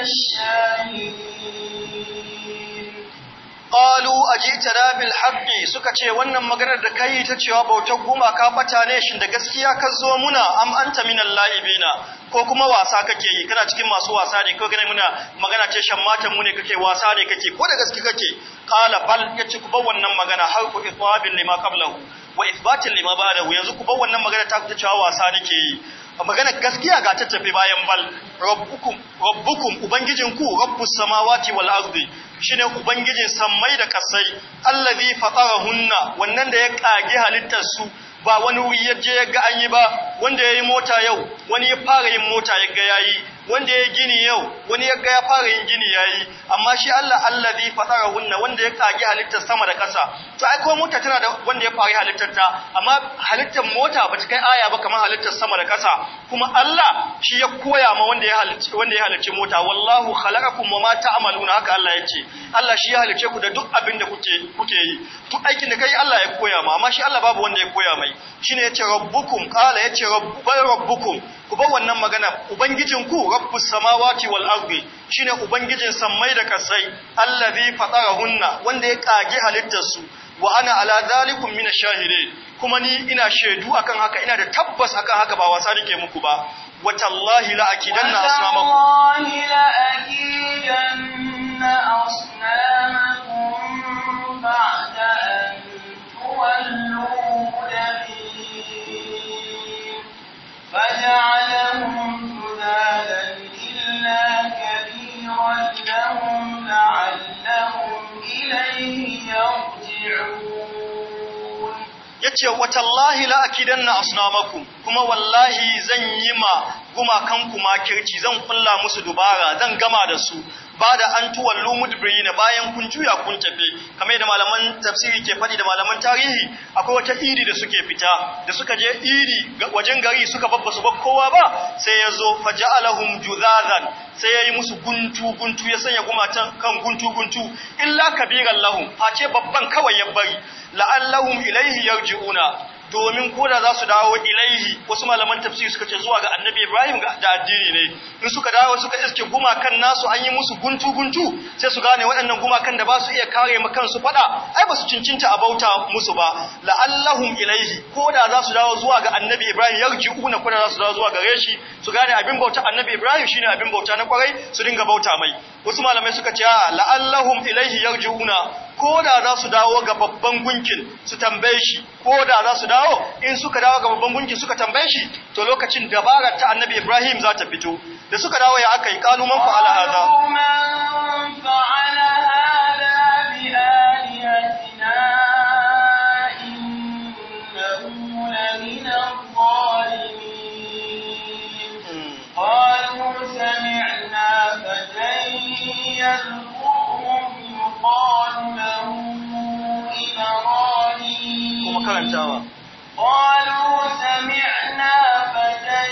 قالوا اجئتنا بالحق suka ce wannan maganar da kai ta cewa bautar gumaka bata ne shin da gaskiya ka zo muna am anta minal laibina ko kuma wasa kake yi kana cikin masu wasa ne ko gane muna magana ce shammatan mu ne kake wasa ne kake ko da gaskiya kake qala bal yace ku bar wannan magana har ku iqabil lima qablahu wa ithbatin lima ba'dahu yanzu ku bar wannan magana ta ku cewa wasa nake yi maganar gaskiya ga tattafe bayan bal rabbukum rabbukum ubangijinku rabbu samawati wal ardi shine ubangijin sammai da kasai allazi fatarahunna wannan da ya kage halittar su ba wani wuri ya je ga an yi ba wanda ya yi mota yau wani ya fara yin mota yaga yayi wanda ya gini yau wani ya ga ya fara yin gini yayi amma shi Allah allazi hunna wanda ya kage halittar sama da ƙasa to ai ko mota tana da wanda ya fara halittar ta amma halittar mota bata kai aya ba kamar halittar sama da ƙasa kuma Allah shi ya koya ma wanda ya halicci wanda ya halicci mota wallahu khalaqakum wa ma ta'maluna haka Allah yake Allah shi ya halicce ku da duk abin da kuke kuke yi duk aikin da kai Allah ya koya ma amma shi Allah babu wanda ya koya mai shine yace rabbukum qala yace rabbukum ku bar wannan magana ubangijinku rabbus samawati wal ardi shine ubangijin sammai da kasai allazi fatarahunna wanda ya kage halittarsu. Wa'ana wa ana ala zalikum min ash kuma ni ina shaidu akan haka ina da tabbas akan haka ba wasa nake muku ba watallahi la akidanna asnamakum wallahi la akidanna asnamakum ba'da an tuwallu فجعلهم سدادا إلا كبيرا لهم لعلهم إليه يرجعون yace watallahi la akidanna asnamakum kuma wallahi zan yi ma gumakan ku makirci zan kulla musu dubara zan gama da su ba da an lumud mudbirina bayan kun juya kun tafi kamar da malaman tafsiri ke faɗi da malaman tarihi akwai wata idi da suke fita da suka je idi wajen gari suka babba su ba kowa ba sai ya zo faja'alahum juzazan sai ya yi musu guntu guntu ya sanya gumatan kan guntu guntu illa kabiran lahum face babban kawai ya bari la'allahum ilaihi yarji'una domin koda za su dawo ilaihi wasu malaman tafsiri suka ce zuwa ga annabi Ibrahim ga addini ne in suka dawo suka iske gumakan nasu an yi musu guntu guntu sai su gane waɗannan gumakan da ba su iya kare ma kansu fada ai ba su cincinta a bauta musu ba la'allahum ilaihi koda za su dawo zuwa ga annabi Ibrahim yarji'una koda za su dawo zuwa gare shi su gane abin bauta annabi Ibrahim shine abin bauta na kwarai su dinga bauta mai wasu malamai suka ce la'allahum ilaihi yarji'una ko da za su dawo ga babban gunkin su tambaye shi ko da za su dawo in suka dawo ga babban gunkin suka tambaye shi to lokacin dabarar ta annabi Ibrahim za ta fito da suka dawo ya aka yi kalu man fa'ala hada قالوا kuma karantawa. Ƙwalo sami na fatan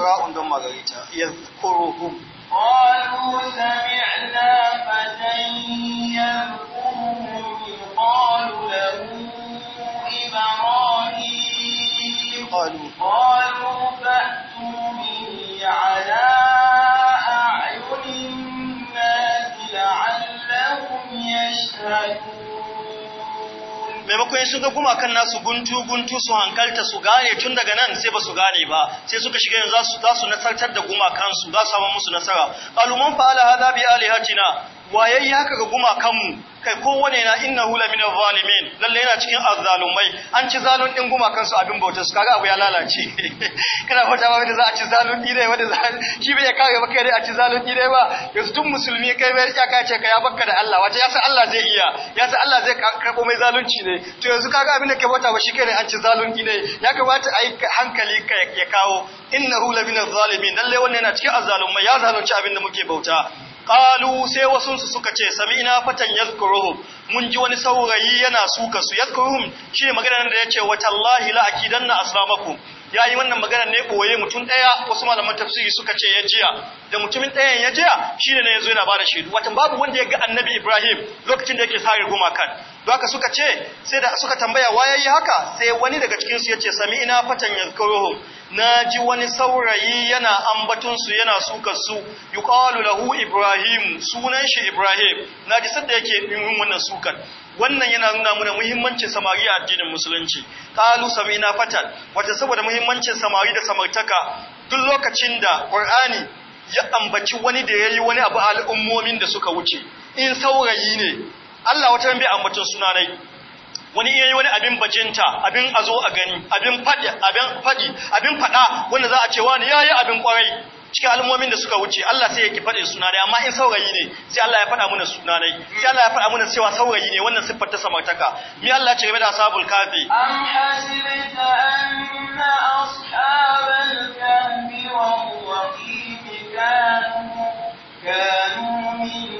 Ra’undun Magarita, iya kuro hun. Ƙwalo sami قالوا قالوا فأتوا به على أعين الناس لعلهم يشهدون maimakon sun ga gumakan nasu guntu guntu su hankalta su gane tun daga nan sai ba su gane ba sai suka shiga yanzu za su nasartar da gumakan su za su samu musu nasara qalu man fa'ala hadha bi alihatina wayayi haka ga gumakanmu kai kowane na innahu lamina zalimin lalle yana cikin azzalumai an ci zalun din gumakansu su abin bauta su kaga abu ya lalace kana fata ba wanda za a ci zalun din dai wanda shi bai kaga ba kai dai a ci zalun din dai ba yanzu duk musulmi kai bai ya kace kai ya bakka da Allah wace ya san Allah zai iya ya san Allah zai karbo mai zalunci ne to yanzu kaga abin da ke bauta ba shi kai ne an ci zalun din dai ya kamata ai hankali hankali ya kawo innahu lamina zalimin lalle wannan yana cikin azzalumai ya zalunci abin da muke bauta qalu sai wasun su suka ce sami'na fatan yazkuruhum mun ji wani saurayi yana suka su yazkuruhum shine maganar da yace watallahi la akidanna aslamakum yayi wannan maganar ne boye mutum daya wasu malaman tafsiri suka ce ya jiya da mutumin dayan ya jiya Shi ne yazo yana bada shaidu watan babu wanda ya ga annabi Ibrahim lokacin da yake sare kan? Doka suka ce, sai da suka tambaya wa yi haka, sai wani daga cikinsu ya ce, Sami ina fatan yankaruhu, na ji wani saurayi yana ambatunsu yana sukarsu, yi ƙalu lahu Ibrahim, sunan shi Ibrahim, na ji sadda yake yin wannan sukar. Wannan yana nuna muna muhimmancin samari a addinin Musulunci. Ƙalu sami ina fatan, wata saboda muhimmancin samari da samartaka, duk lokacin da Ƙur'ani ya ambaci wani da ya yi wani abu al'ummomin da suka wuce, in saurayi ne Allah wata bai ambaton suna nai wani iya yi wani abin bajinta abin azo a gani abin faɗi abin fadi abin faɗa wanda za a ce wani yayi abin kwarai cikin al'ummomin da suka wuce Allah sai ya ki faɗin suna dai amma in saurayi ne sai Allah ya faɗa mana suna dai sai Allah ya faɗa mana cewa saurayi ne wannan siffar ta samartaka mi Allah ce game da ashabul kafi am hasibta anna ashabal kahfi wa huwa fi kanu kanu min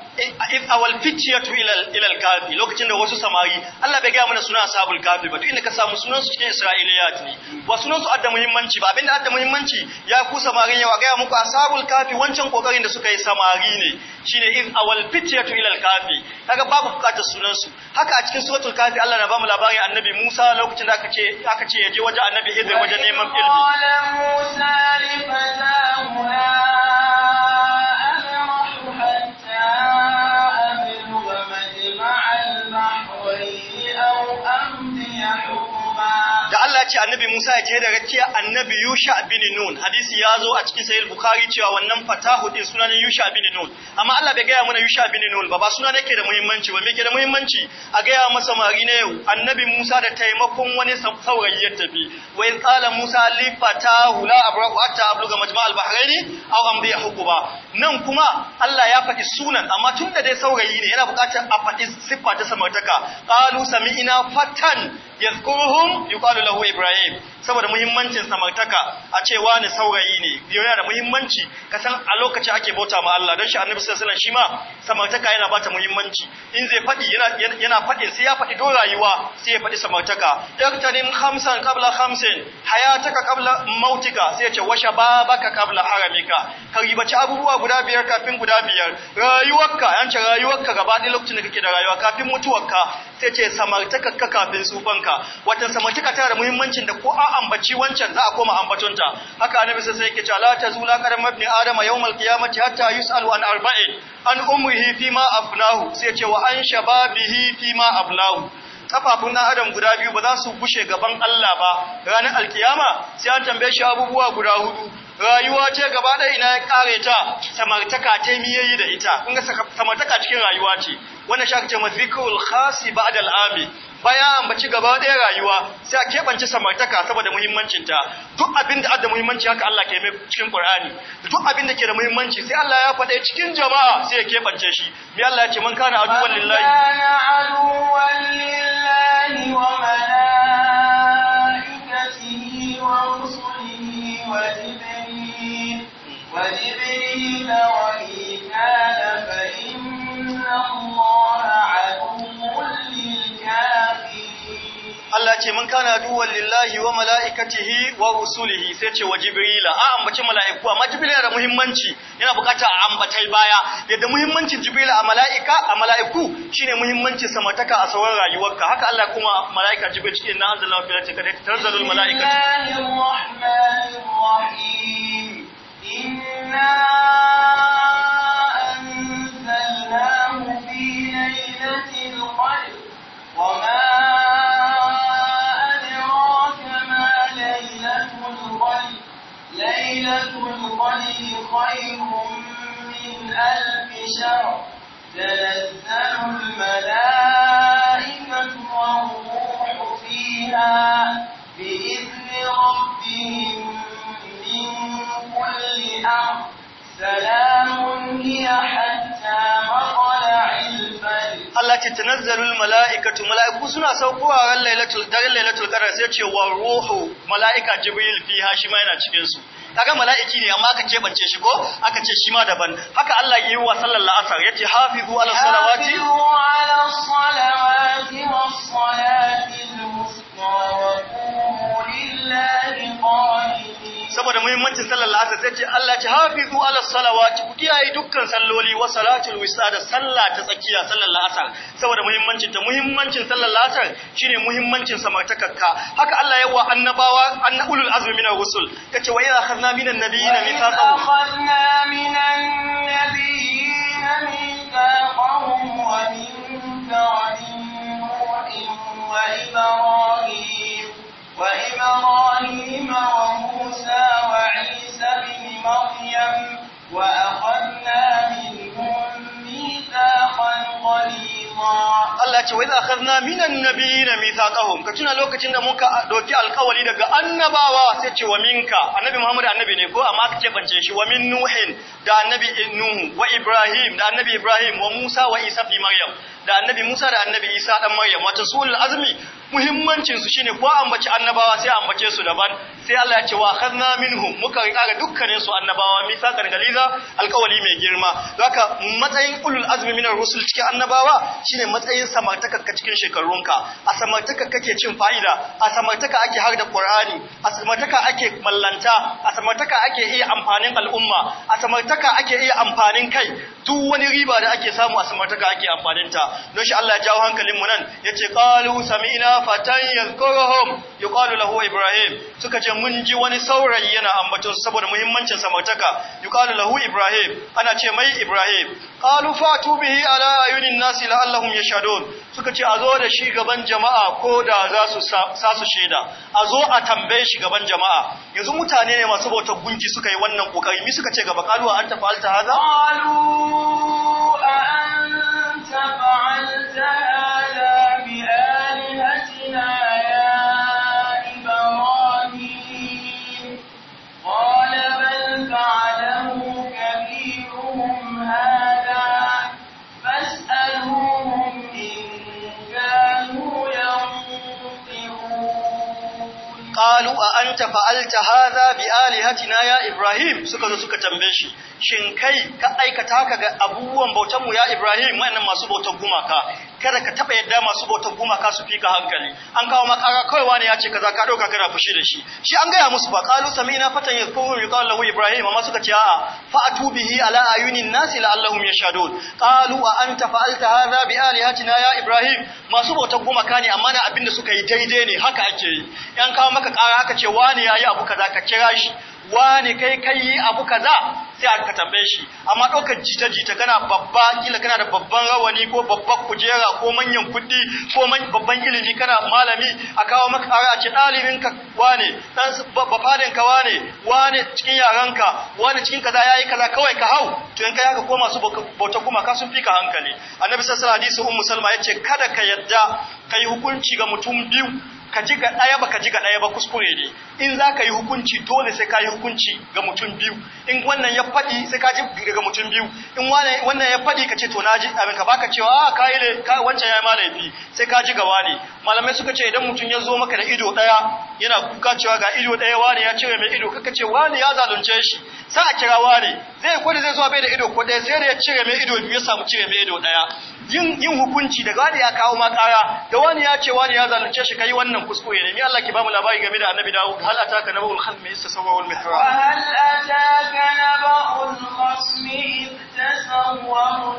A awal fitiyatu ila ilal kafi lokacin da wasu samari Allah bai ga mana suna sabul kafi ba duk inda ka samu sunan su cikin isra'iliyat ne ba sunan su adda muhimmanci ba abinda adda muhimmanci ya ku samarin yawa ga muku asabul kafi wancan kokarin da suka yi samari ne shine iz awal fitiyatu ila ilal kafi kaga babu bukatar sunan su haka a cikin suratul kafi Allah na ba mu labarin annabi Musa lokacin da aka ce aka ce ya je wajen annabi Idris wajen neman ilmi Musa li ce annabi Musa ya je da rakiya annabi Yusha bin Nun hadisi ya zo a cikin sahih Bukhari cewa wannan fatahu din sunan Yusha bin Nun amma Allah bai gaya mana Yusha bin Nun ba ba sunan yake da muhimmanci ba me yake da muhimmanci a gaya masa mari ne yau annabi Musa da taimakon wani saurayi ya tafi wa in qala Musa li fatahu la abrahu hatta abluga majma' al-bahraini aw amri hukuba nan kuma Allah ya faɗi sunan amma tunda dai saurayi ne yana bukatar a faɗi siffa ta samartaka qalu sami'ina fatan yadhkuruhum yuqalu lahu ibrahim saboda muhimmancin samartaka a cewa wani saurayi ne yana da muhimmanci san a lokaci ake bauta ma Allah dan shi annabi sallallahu alaihi wasallam shi ma samartaka yana bata muhimmanci in zai fadi yana yana fadi sai ya fadi don rayuwa sai ya fadi samartaka yaktanim khamsan qabla khamsin hayataka qabla mautika sai ya ce washa babaka qabla haramika ka ribaci abubuwa guda biyar kafin guda biyar rayuwarka yan rayuwarka gaba ɗaya lokacin da kake da rayuwa kafin mutuwarka sai ce samartaka ka kafin tsufanka haka wata samartaka tana da muhimmancin da ko a ambaci wancan za a koma ambatonta haka annabi sai yake cewa la tazula qaram ibn adam yawmal qiyamati hatta yus'alu an arba'in an ummihi fima afnahu sai ya ce wa an shababihi fima afnahu kafafun ɗan adam guda biyu ba za su bushe gaban Allah ba ranar alkiyama sai an tambaye shi abubuwa guda hudu rayuwa ce gaba ɗaya ina ya kare ta samartaka ta mi yayi da ita kun ga samartaka cikin rayuwa ce wannan shi ake cewa mafikul khasi ba'da al'ami baya baci gaba ɗaya rayuwa sai a keɓance samartaka saboda muhimmancinta duk abin da adda muhimmanci haka Allah ke mai cikin Qur'ani duk abin da ke da muhimmanci sai Allah ya faɗa cikin jama'a sai ya keɓance shi me Allah ya ce man kana aduwan lillahi kana aduwan lillahi wa malaikatihi wa rusulihi wa jibril wa jibril wa mikala fa Allah ce mun kana duwan lillahi wa mala'ikatihi wa rusulihi sai ce wa jibrila a ambaci mala'iku amma jibrila yana da muhimmanci yana bukata a ambatai baya yadda muhimmancin jibrila a mala'ika a mala'iku shine muhimmancin samataka a sauran rayuwarka haka Allah kuma mala'ika jibril cikin na anzalna fi lati kada tarzalul mala'ikatu inna عليه خير من ألف شر تنزل الملائكة والروح فيها بإذن ربهم من كل سلام هي حتى مطلع Allah ce mala'ikatu mala'iku suna saukowa ran lailatul daren lailatul qadar sai ce wa ruhu mala'ika jibril fiha shi ma yana cikin su kaga mala'iki ne amma aka kebance shi ko aka ce shi ma daban haka Allah yi wa sallallahu asar yace hafizu ala salawati ala salawati was salati al-wusta wa qumu lillahi qanitin saboda muhimmancin sallar la'asar sai ce Allah ce hafizu ala salawati ku kiyaye dukkan salloli wa salatul wisa da sallah ta tsakiya sallar la'asar saboda muhimmancin ta muhimmancin sallar la'asar shine muhimmancin samartakarka haka Allah ya wa annabawa annabul azmi minar rusul kace wa idza akhadna minan nabiyina mithaqahum akhadna minan nabiyina mithaqahum wa min wa ibrahim Allah ce wa idza akhadna minan nabiyina mithaqahum ka tuna lokacin da muka doki alkawari daga annabawa sai ce wa minka annabi Muhammad annabi ne ko amma ce bance shi wa min nuhin da annabi nuhu wa ibrahim da annabi ibrahim wa musa wa isa fi maryam da annabi musa da annabi isa dan maryam wato sulul azmi muhimmancin su shine ko ambaci annabawa sai ambace su daban sai Allah ya ce wa akhadna minhum muka kaga dukkanin su annabawa misakan galiza alƙawali mai girma zaka matsayin ulul azmi minar rusul cikin annabawa shine matsayin samartakarka cikin shekarunka a samartaka kake cin fa'ida a samartaka ake har da qur'ani a samartaka ake mallanta a samartaka ake iya amfanin al'umma a samartaka ake iya amfanin kai duk wani riba da ake samu a samartaka ake amfanin ta don shi Allah ya jawo hankalin mu nan yace qalu sami'na fatan yadhkuruhum yuqalu lahu ibrahim suka ce ce mun ji wani saurayi yana ambaton saboda muhimmancin samartaka yuqalu lahu ibrahim ana ce mai ibrahim qalu fatu bihi ala ayunin nasi la'allahum yashadun suka ce azo da shi gaban jama'a ko da za su sa su sheda azo a tambaye shi gaban jama'a yanzu mutane ne masu bautar gunki suka yi wannan kokari mi suka ce gaba qalu an tafa'alta hadha qalu an tafa'alta ala bi alihatina qalu a anta fa'alta hadha bi alihatina ya ibrahim suka zo suka tambaye shi shin kai ka aikata haka ga abubuwan bautanmu ya ibrahim wayannan masu bautan gumaka kada ka taba yadda masu bautar gumaka su fika hankali an kawo makara kawai wani ya ce kaza ka doka kana fushi da shi shi an gaya musu ba qalu sami'na fatan yadhkuru yuqalu lahu ibrahim amma suka ce a'a fa atubihi ala ayunin nasi la'allahum yashadun qalu a anta fa'alta hadha bi alihatina ya ibrahim masu bautar gumaka ne amma na abinda suka yi daidai ne haka ake yi an kawo maka kara haka ce wani yayi abu kaza ka kira shi wani kai kai abu kaza sai ka tambaye shi amma ɗaukar jita jita kana babba kila kana da babban rawani ko babban kujera ko manyan kuɗi ko babban ilimi kana malami a kawo maka a ce ɗalibin ka wane dan bafadin ka Wani wane cikin yaranka Wani cikin kaza yayi kaza kawai ka hau to in kai haka ko masu bauta kuma ka sun fika hankali annabi sallallahu alaihi wasallam ya ce kada ka yadda kai hukunci ga mutum biyu ka ji ga ɗaya ba ka ji ga ɗaya ba kuskure ne in za ka yi hukunci dole sai ka yi hukunci ga mutum biyu in wannan ya faɗi sai ka ji ga mutum biyu in wannan ya faɗi ka ce to na ji abin ka baka cewa a ah, ka yi wancan ya yi ma laifi sai ka ji ga wane malamai suka ce idan mutum ya zo maka da ido ɗaya yana kuka cewa ga ido ɗaya wani ya cire mai ido kaka ce wani ya zalunce shi sai a kira wani zai kwada zai zo bai da ido ko ɗaya sai da ya cire mai ido biyu ya samu cire mai ido ɗaya yin hukunci da wani ya kawo ma ƙara da wani ya ce wani ya zalunce shi kai wannan wannan kuskure ne mi Allah ki bamu labari game da Annabi Dawud hal ataka nabul khasmi istasawwal mihra hal ataka nabul khasmi istasawwal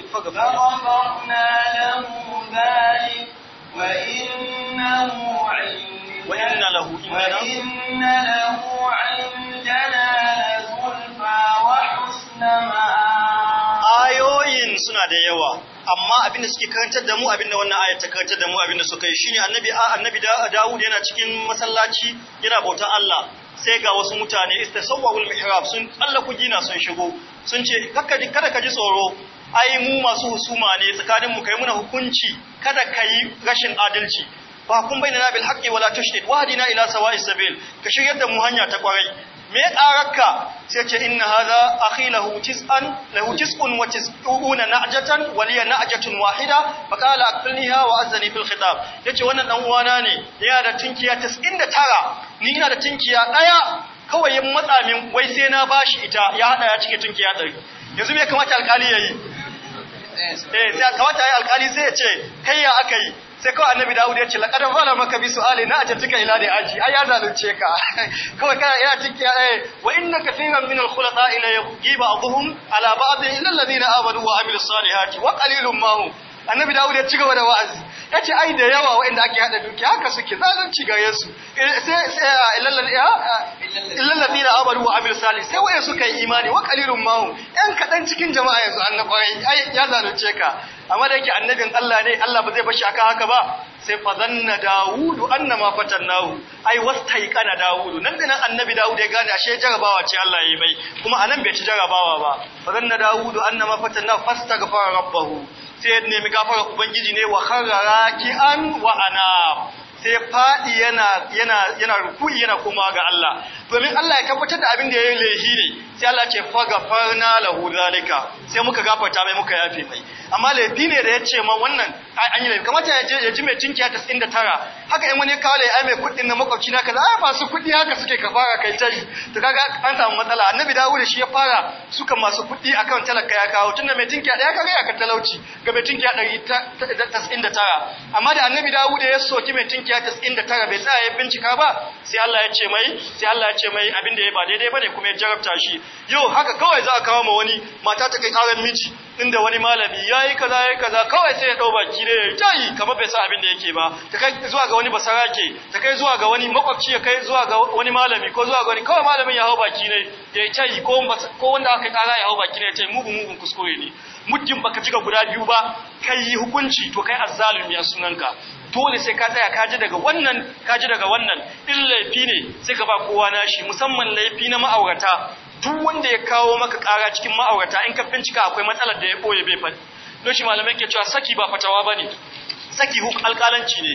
kawai suka gafa wa inna lahu indana ayoyin suna da yawa amma abin da suke karantar da mu abin da wannan ayar karantar da mu abinda suka yi shine annabi annabi Dawud yana cikin masallaci yana bautan Allah sai ga wasu mutane istasawwul mihrab sun Allah ku gina sun shigo sun ce kada ka ji tsoro ai mu masu husuma ne tsakanin mu kai muna hukunci kada kai rashin adalci Ba kun na bil haqqi wala tushdid wahdina ila sawa'is sabil ka shirya da mu hanya ta kwarai me tsararka sai ce inna hadha akhi lahu tis'an lahu tis'un wa tis'una na'jatan wa liya na'jatun wahida fa qala aqfilniha wa azani fil khitab yace wannan dan uwana ne yana da tinkiya 99 ni ina da tinkiya daya kawai ya matsa wai sai na bashi ita ya hada ya cike tinkiya 100 yanzu me kamata alkali yayi eh sai kamata yayi alkali sai ya ce kai ya aka yi sai kawai annabi Dawud ya ce laqad zalamaka bi su'ali na ajatika ila da aji ai ya zalunce ka kawai kana ina cikin eh wa inna katiran min al-khulata ila yaqiba ba'dhum ala ba'd illa alladhina amanu wa amilus salihati wa qalilum ma hum annabi dawud ya cigaba da wa'azi ya ce ai da yawa wa'inda ake haɗa dukiya haka suke zalunci gare su illallafi na abaru wa amir sali sai waɗanda suka yi imani wa kalilun mahu ‘yan kaɗan cikin jama'a yanzu annabi ya zalunce ka amma da yake annabin allah ne allah ba zai bashi aka haka ba sai fazanna dawudu annama fatannahu ai kana dawudu nan da annabi dawud ya gane ashe jarabawa ce Allah yi bai kuma anan bai ci jarabawa ba fazanna dawudu annama fatannahu fastaghfara rabbahu sai ya nemi gafara ubangiji ne wa ki ki'an wa anab sai fadi yana yana ruku'i yana koma ga Allah domin Allah ya tabbatar da abin da ya yi laihi ne sai Allah ce fagafarna lahu zalika sai muka gafarta mai muka yafe mai amma laifi ne da ya ce ma wannan an yi laifi kamata ya ji mai cinkiya ta da tara haka in wani kawo laifi mai kuɗin na makwabci na kaza ai masu kuɗi haka suke ka fara kai ta shi to kaga an samu matsala annabi da shi ya fara suka masu kuɗi akan talaka ya kawo tunda mai cinkiya ɗaya kaga ya ka talauci ga mai cinkiya ɗari tas'in da tara amma da annabi dawud ya soki mai cinkiya tas'in da tara bai tsaya ya bincika ba sai Allah ya ce mai sai Allah ya ce mai abin da ya ba daidai bane kuma ya jarabta shi yau haka kawai za a kawo ma wani mata ta kai karen miji inda wani malami ya yi kaza ya yi kaza kawai sai ya dau baki ne ta yi kamar bai sa abin da yake ba ta kai zuwa ga wani basarake ta kai zuwa ga wani makwabci ya kai zuwa ga wani malami ko zuwa ga wani kawai malamin ya hau baki ne ya ta yi ko wanda aka kara ya hau baki ne ya yi mugun mugun kuskure ne muddin baka ga guda biyu ba kai hukunci to kai azzalumi a sunanka dole sai ka tsaya ka ji daga wannan kaji daga wannan in laifi ne sai ka ba kowa nashi musamman laifi na ma'aurata duk wanda ya kawo maka ƙara cikin ma'aurata in ka bincika akwai matsalar da ya ɓoye bai faɗi don shi malamai ke cewa saki ba fatawa ba ne saki huk alƙalanci ne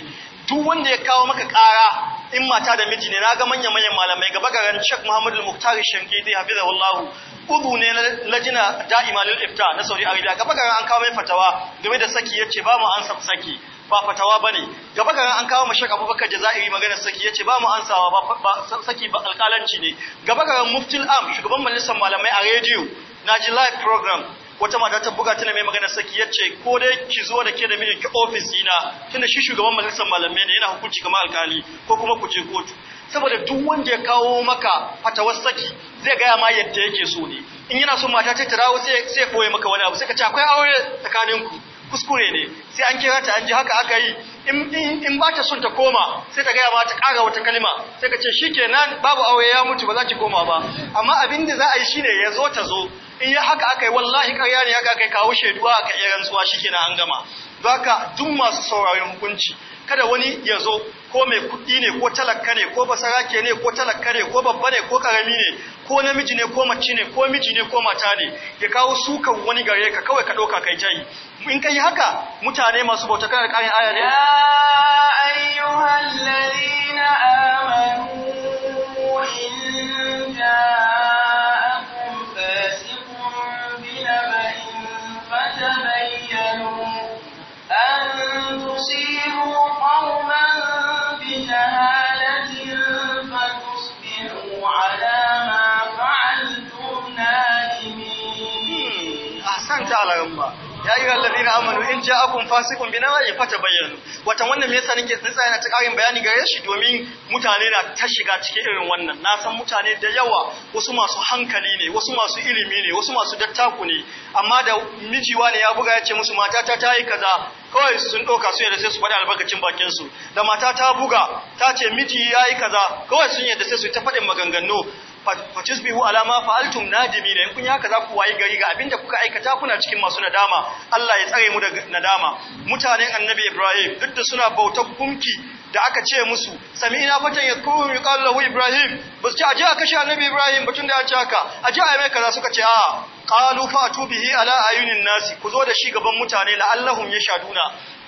duk wanda ya kawo maka ƙara in mata da miji ne na ga manyan manyan malamai gaba garan Sheikh Muhammadu Muktari Shankidi Wallahu, ubu ne na lajina da'ima lil ifta na Saudi Arabia gaba garan an kawo mai fatawa game da saki yace ba mu an saki ba fatawa bane gaba ga an kawo mashak abubakar jazairi maganar saki yace ba mu ansawa ba saki ba alƙalanci ne gaba kaga muftil am shugaban majalisar malamai a rediyo naji live program wata mata ta buga tana mai magana saki yace ko dai ki zo da ke da miji ki office ina tunda shi shugaban majalisar malamai ne yana hukunci kamar alƙali ko kuma ku je kotu saboda duk wanda ya kawo maka fatawar saki zai gaya ma yadda yake so ne in yana so mata ta tarawo sai sai koye maka wani abu sai ka ce akwai aure tsakaninku kuskure ne sai an kira ta an ji haka aka yi in ba ta son ta koma sai ta gaya ma ta kara wata kalma sai ka ce shi shikenan babu aure ya mutu ba za ki koma ba amma abin da za a yi shine ya zo ta zo in ya haka aka yi wallahi karya ne haka aka yi kawo shaiduwa aka iya rantsuwa shikenan an gama za ka duk masu sauraron hukunci kada wani ya zo ko mai kuɗi ne ko talaka ne ko basarake ne ko talaka ne ko babba ne ko karami ne ko namiji ne ko mace ne ko miji ne ko mata ne ya kawo sukan wani gare ka kawai ka ɗauka kai tai in kai haka mutane masu bauta kan ƙarin aya ne ya ayyuhal ladina amanu in ja'akum fasiqun bi naba'in fatabayyanu an ta alaramma ya yi na amanu in na fasiqun fata fatabayyanu watan wannan me yasa nake tsitsa yana ta karin bayani gare shi domin mutane na ta shiga cikin irin wannan na san mutane da yawa wasu masu hankali ne wasu masu ilimi ne wasu masu dattaku ne amma da mijiwa ne ya buga ya ce musu matata ta yi kaza kawai sun ɗauka su yadda sai su faɗi albarkacin bakin su da mata ta buga ta ce miji ya yi kaza kawai sun yadda sai su ta faɗin maganganu fatusbihu ala ma fa'altum da in kun haka za ku wayi gari ga abinda kuka aikata kuna cikin masu nadama Allah ya tsare mu da nadama mutanen annabi Ibrahim duk da suna bautar gunki da aka ce musu sami'ina fatan yakuru yuqalu lahu Ibrahim basu ce aje a kashe annabi Ibrahim batun da ya ce haka aje a mai kaza suka ce a qalu fatu bihi ala ayunin nasi ku zo da shi gaban mutane la'allahum yashaduna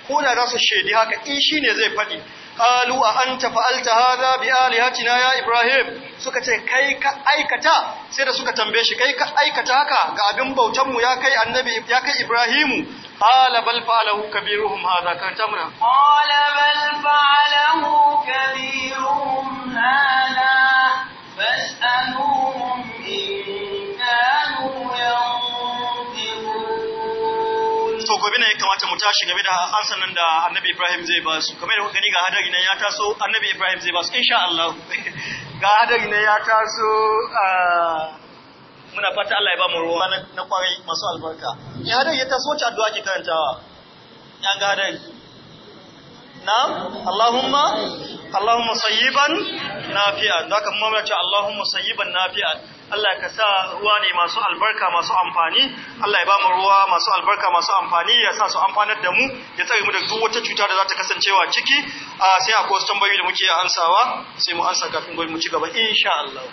ko da za su shaidi haka in shine zai faɗi qalu a anta fa'alta hadha bi alihatina ya ibrahim suka ce kai ka aikata sai da suka tambaye shi kai ka aikata haka ga abin bautan mu ya kai annabi ya kai ibrahimu qala bal fa'alahu kabiruhum hadha kan tamra qala bal fa'alahu kabiruhum hadha fas'aluhum in to gobe ne ya kamata mu tashi game da ansan nan da Annabi Ibrahim zai ba su kamar da gani ga hadari nan ya taso Annabi Ibrahim zai ba su insha Allah ga hadari nan ya taso muna fata Allah ya ba mu ruwa na kwarai masu albarka ya hadari ya taso ta addu'a ke karantawa ya ga hadari na'am Allahumma Allahumma sayyiban nafi'an zaka mu mamlace Allahumma sayyiban nafi'an Allah ka sa ruwa ne masu albarka masu amfani Allah ya ba mu ruwa masu albarka masu amfani ya sa su amfanar da mu ya tsare mu da duk wata cuta da za ta kasancewa ciki sai akwai wasu tambayoyi da muke ansawa sai mu ansa kafin gobe mu ci gaba insha Allah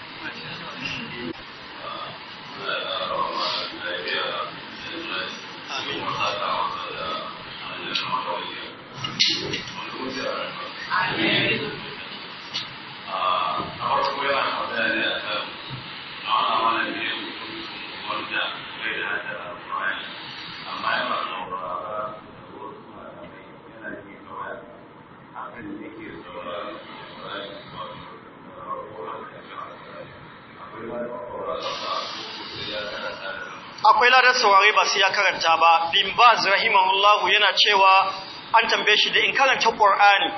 ba sai ya karanta ba bin baz rahimahullahu yana cewa an tambaye shi da in karanta qur'ani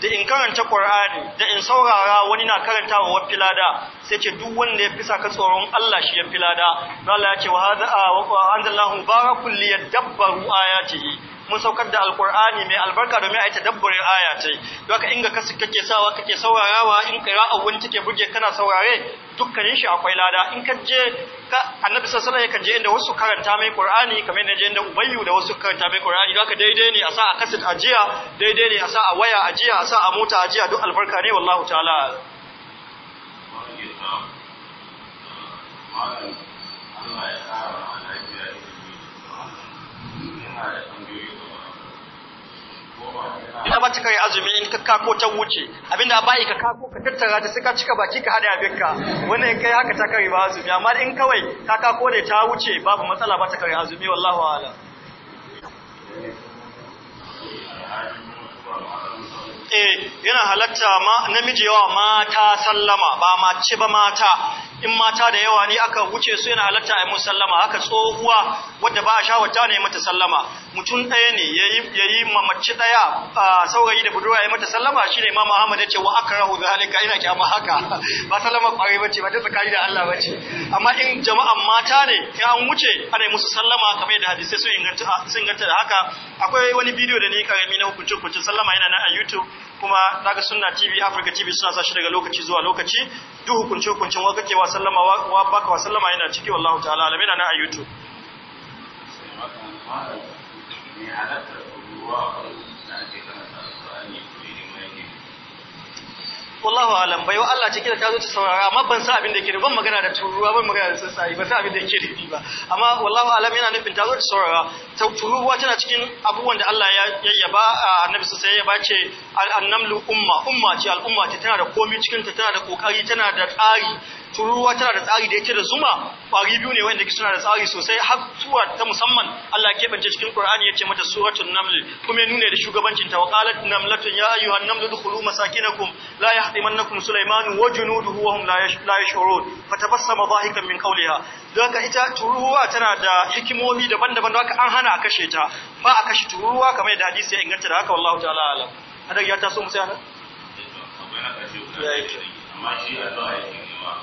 da in karanta qur'ani da in saurara wani na karanta wa filada sai ce duk wanda ya fisa ka tsoron Allah shi ya filada Allah ya ce wa hadha wa anzalallahu barakul liyadabbaru ayatihi mun saukar da alkur'ani mai albarka domin a yi tadabburin aya ce ka inga kasu kake sawa kake saurarawa in ra'a wani take buge kana saurare dukkanin shi akwai lada in ka je ka annabi sallallahu alaihi wasallam je inda wasu karanta mai qur'ani kamar inda je inda ubayyu da wasu karanta mai qur'ani ka daidai ne a sa a a ajiya daidai ne a sa a waya ajiya a sa a mota ajiya duk albarka ne wallahu ta'ala Allah ya ƙara lafiya da yana da ita ba ta azumi in ka kako ta wuce abinda yi ka kako ka tattara ta sai ka cika baki ka hada abinka wannan kai haka ta kai ba azumi amma in kawai ka kako ne ta wuce babu matsala ba ta kai azumi wallahi ala eh yana halatta ma namiji yawa mata sallama ba mace ba mata in mata da yawa ne aka wuce su yana halatta a musallama haka tsohuwa wadda ba a shawarta ne mata sallama mutum ɗaya ne ya yi mamaci ɗaya a saurayi da budurwa ya mata sallama shi ne imam ahmad ya ce wa aka rahu da halika ina kyama haka ba sallama ƙwari bace ba ta tsakani da allah bace amma in jama'an mata ne ya an wuce ana musu sallama kamar yadda hadisai sun inganta da haka akwai wani bidiyo da ni karami na hukuncin hukuncin sallama yana nan a youtube kuma daga sunna tv africa tv suna sashi daga lokaci zuwa lokaci duk hukunci hukuncin wa kake wa sallama wa baka wa sallama yana ciki wallahu ta'ala alamin na a youtube wallahu alam bai wa Allah cike da ta zo ta saurara amma ban san abin da yake da ban magana da turuwa ban magana da sassai ban san abin da yake ne ba amma wallahu alam yana nufin ta zo ta saurara ta turuwa tana cikin abubuwan da Allah ya yayyaba annabi sai ya bace annamlu umma umma ce al'umma ce tana da komai cikin ta tana da kokari tana da tsari turuwa tana da tsari da yake da zuma ƙwari biyu ne wanda suna da tsari sosai har sura ta musamman Allah ya keɓance cikin Qur'ani ce mata suratul naml kuma ya nuna da shugabancin ta waqalat namlatun ya ayyuhan naml dukhulu masakinakum la yahtimannakum sulaymanu wa junuduhu wa hum la yashurun fatabassama dhahikan min qawliha daga ita turuwa tana da hikimomi daban-daban haka an hana a kashe ta ba a kashe turuwa kamar yadda hadisi ya inganta da haka wallahu ta'ala alam adag ya taso mu sai ana eh, amma shi addu'a yake nema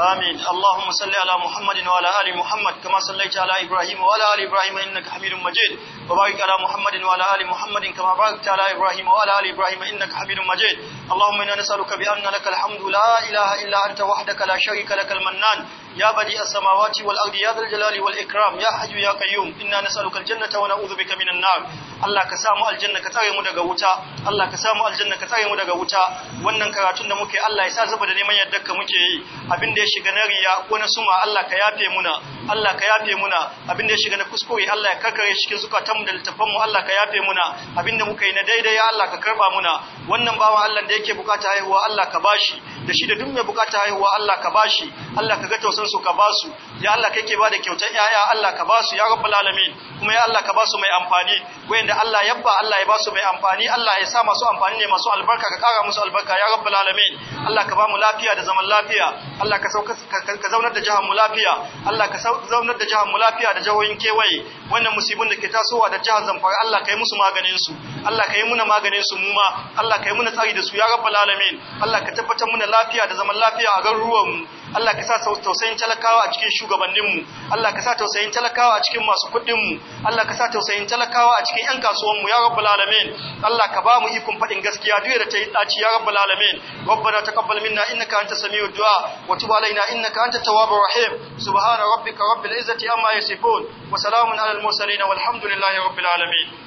آمين اللهم صل على محمد وعلى آل محمد كما صليت على إبراهيم وعلى آل إبراهيم إنك حميد مجيد وبارك على محمد وعلى آل محمد كما باركت على إبراهيم وعلى آل إبراهيم إنك حميد مجيد اللهم إنا نسألك بأن لك الحمد لا إله إلا أنت وحدك لا شريك لك المنان يا بديع السماوات والأرض يا ذا الجلال والإكرام يا حي يا قيوم إنا نسألك الجنة ونعوذ بك من النار Allah ka samu aljanna ka tsare mu daga wuta Allah ka samu aljanna ka tsare mu daga wuta wannan karatun da muke Allah ya sa zuba da neman yaddarka muke yi abin da ya shiga na riya ko na suma Allah ka yafe muna Allah ka yafe muna abin da ya shiga na kuskure Allah ya karkare cikin zukatanmu da littafanmu Allah ka yafe muna abin da muka yi na daidai ya Allah ka karba muna wannan bawan Allah da yake bukata haihuwa Allah ka bashi da shi da duk mai bukata haihuwa Allah ka bashi Allah ka ga tausan su ka basu ya Allah kake ba da kyautar yaya Allah ka basu ya rabbul alamin kuma ya Allah ka basu mai amfani wayanda Allah ya ba Allah ya basu mai amfani Allah ya sa masu amfani ne masu albarka ka kara musu albarka ya rabbul alamin Allah ka ba mu lafiya da zaman lafiya Allah ka ka zaunar da jihar Mulafiya, lafiya Allah ka zaunar da jihar Mulafiya lafiya da jihohin kewaye wannan musibin da ke tasowa da jihar Zamfara Allah ka yi musu maganinsu. Allah ka yi muna maganinsu mu ma Allah ka yi muna tsari da su ya rabbal alamin Allah ka tabbatar muna lafiya da zaman lafiya a garuruwan mu Allah ka sa tausayin talakawa a cikin shugabanninmu Allah ka sa tausayin talakawa a cikin masu kuɗinmu Allah ka sa tausayin talakawa a cikin ƴan kasuwanmu ya rabbul alamin Allah ka ba mu ikon faɗin gaskiya duk da ta yi ɗaci ya rabbul alamin ta taqabbal minna innaka antas samiu du'a wa tub alaina innaka antat tawwabur rahim subhana rabbika rabbil izzati amma yasifun wa salamun alal mursalin walhamdulillahi rabbil alamin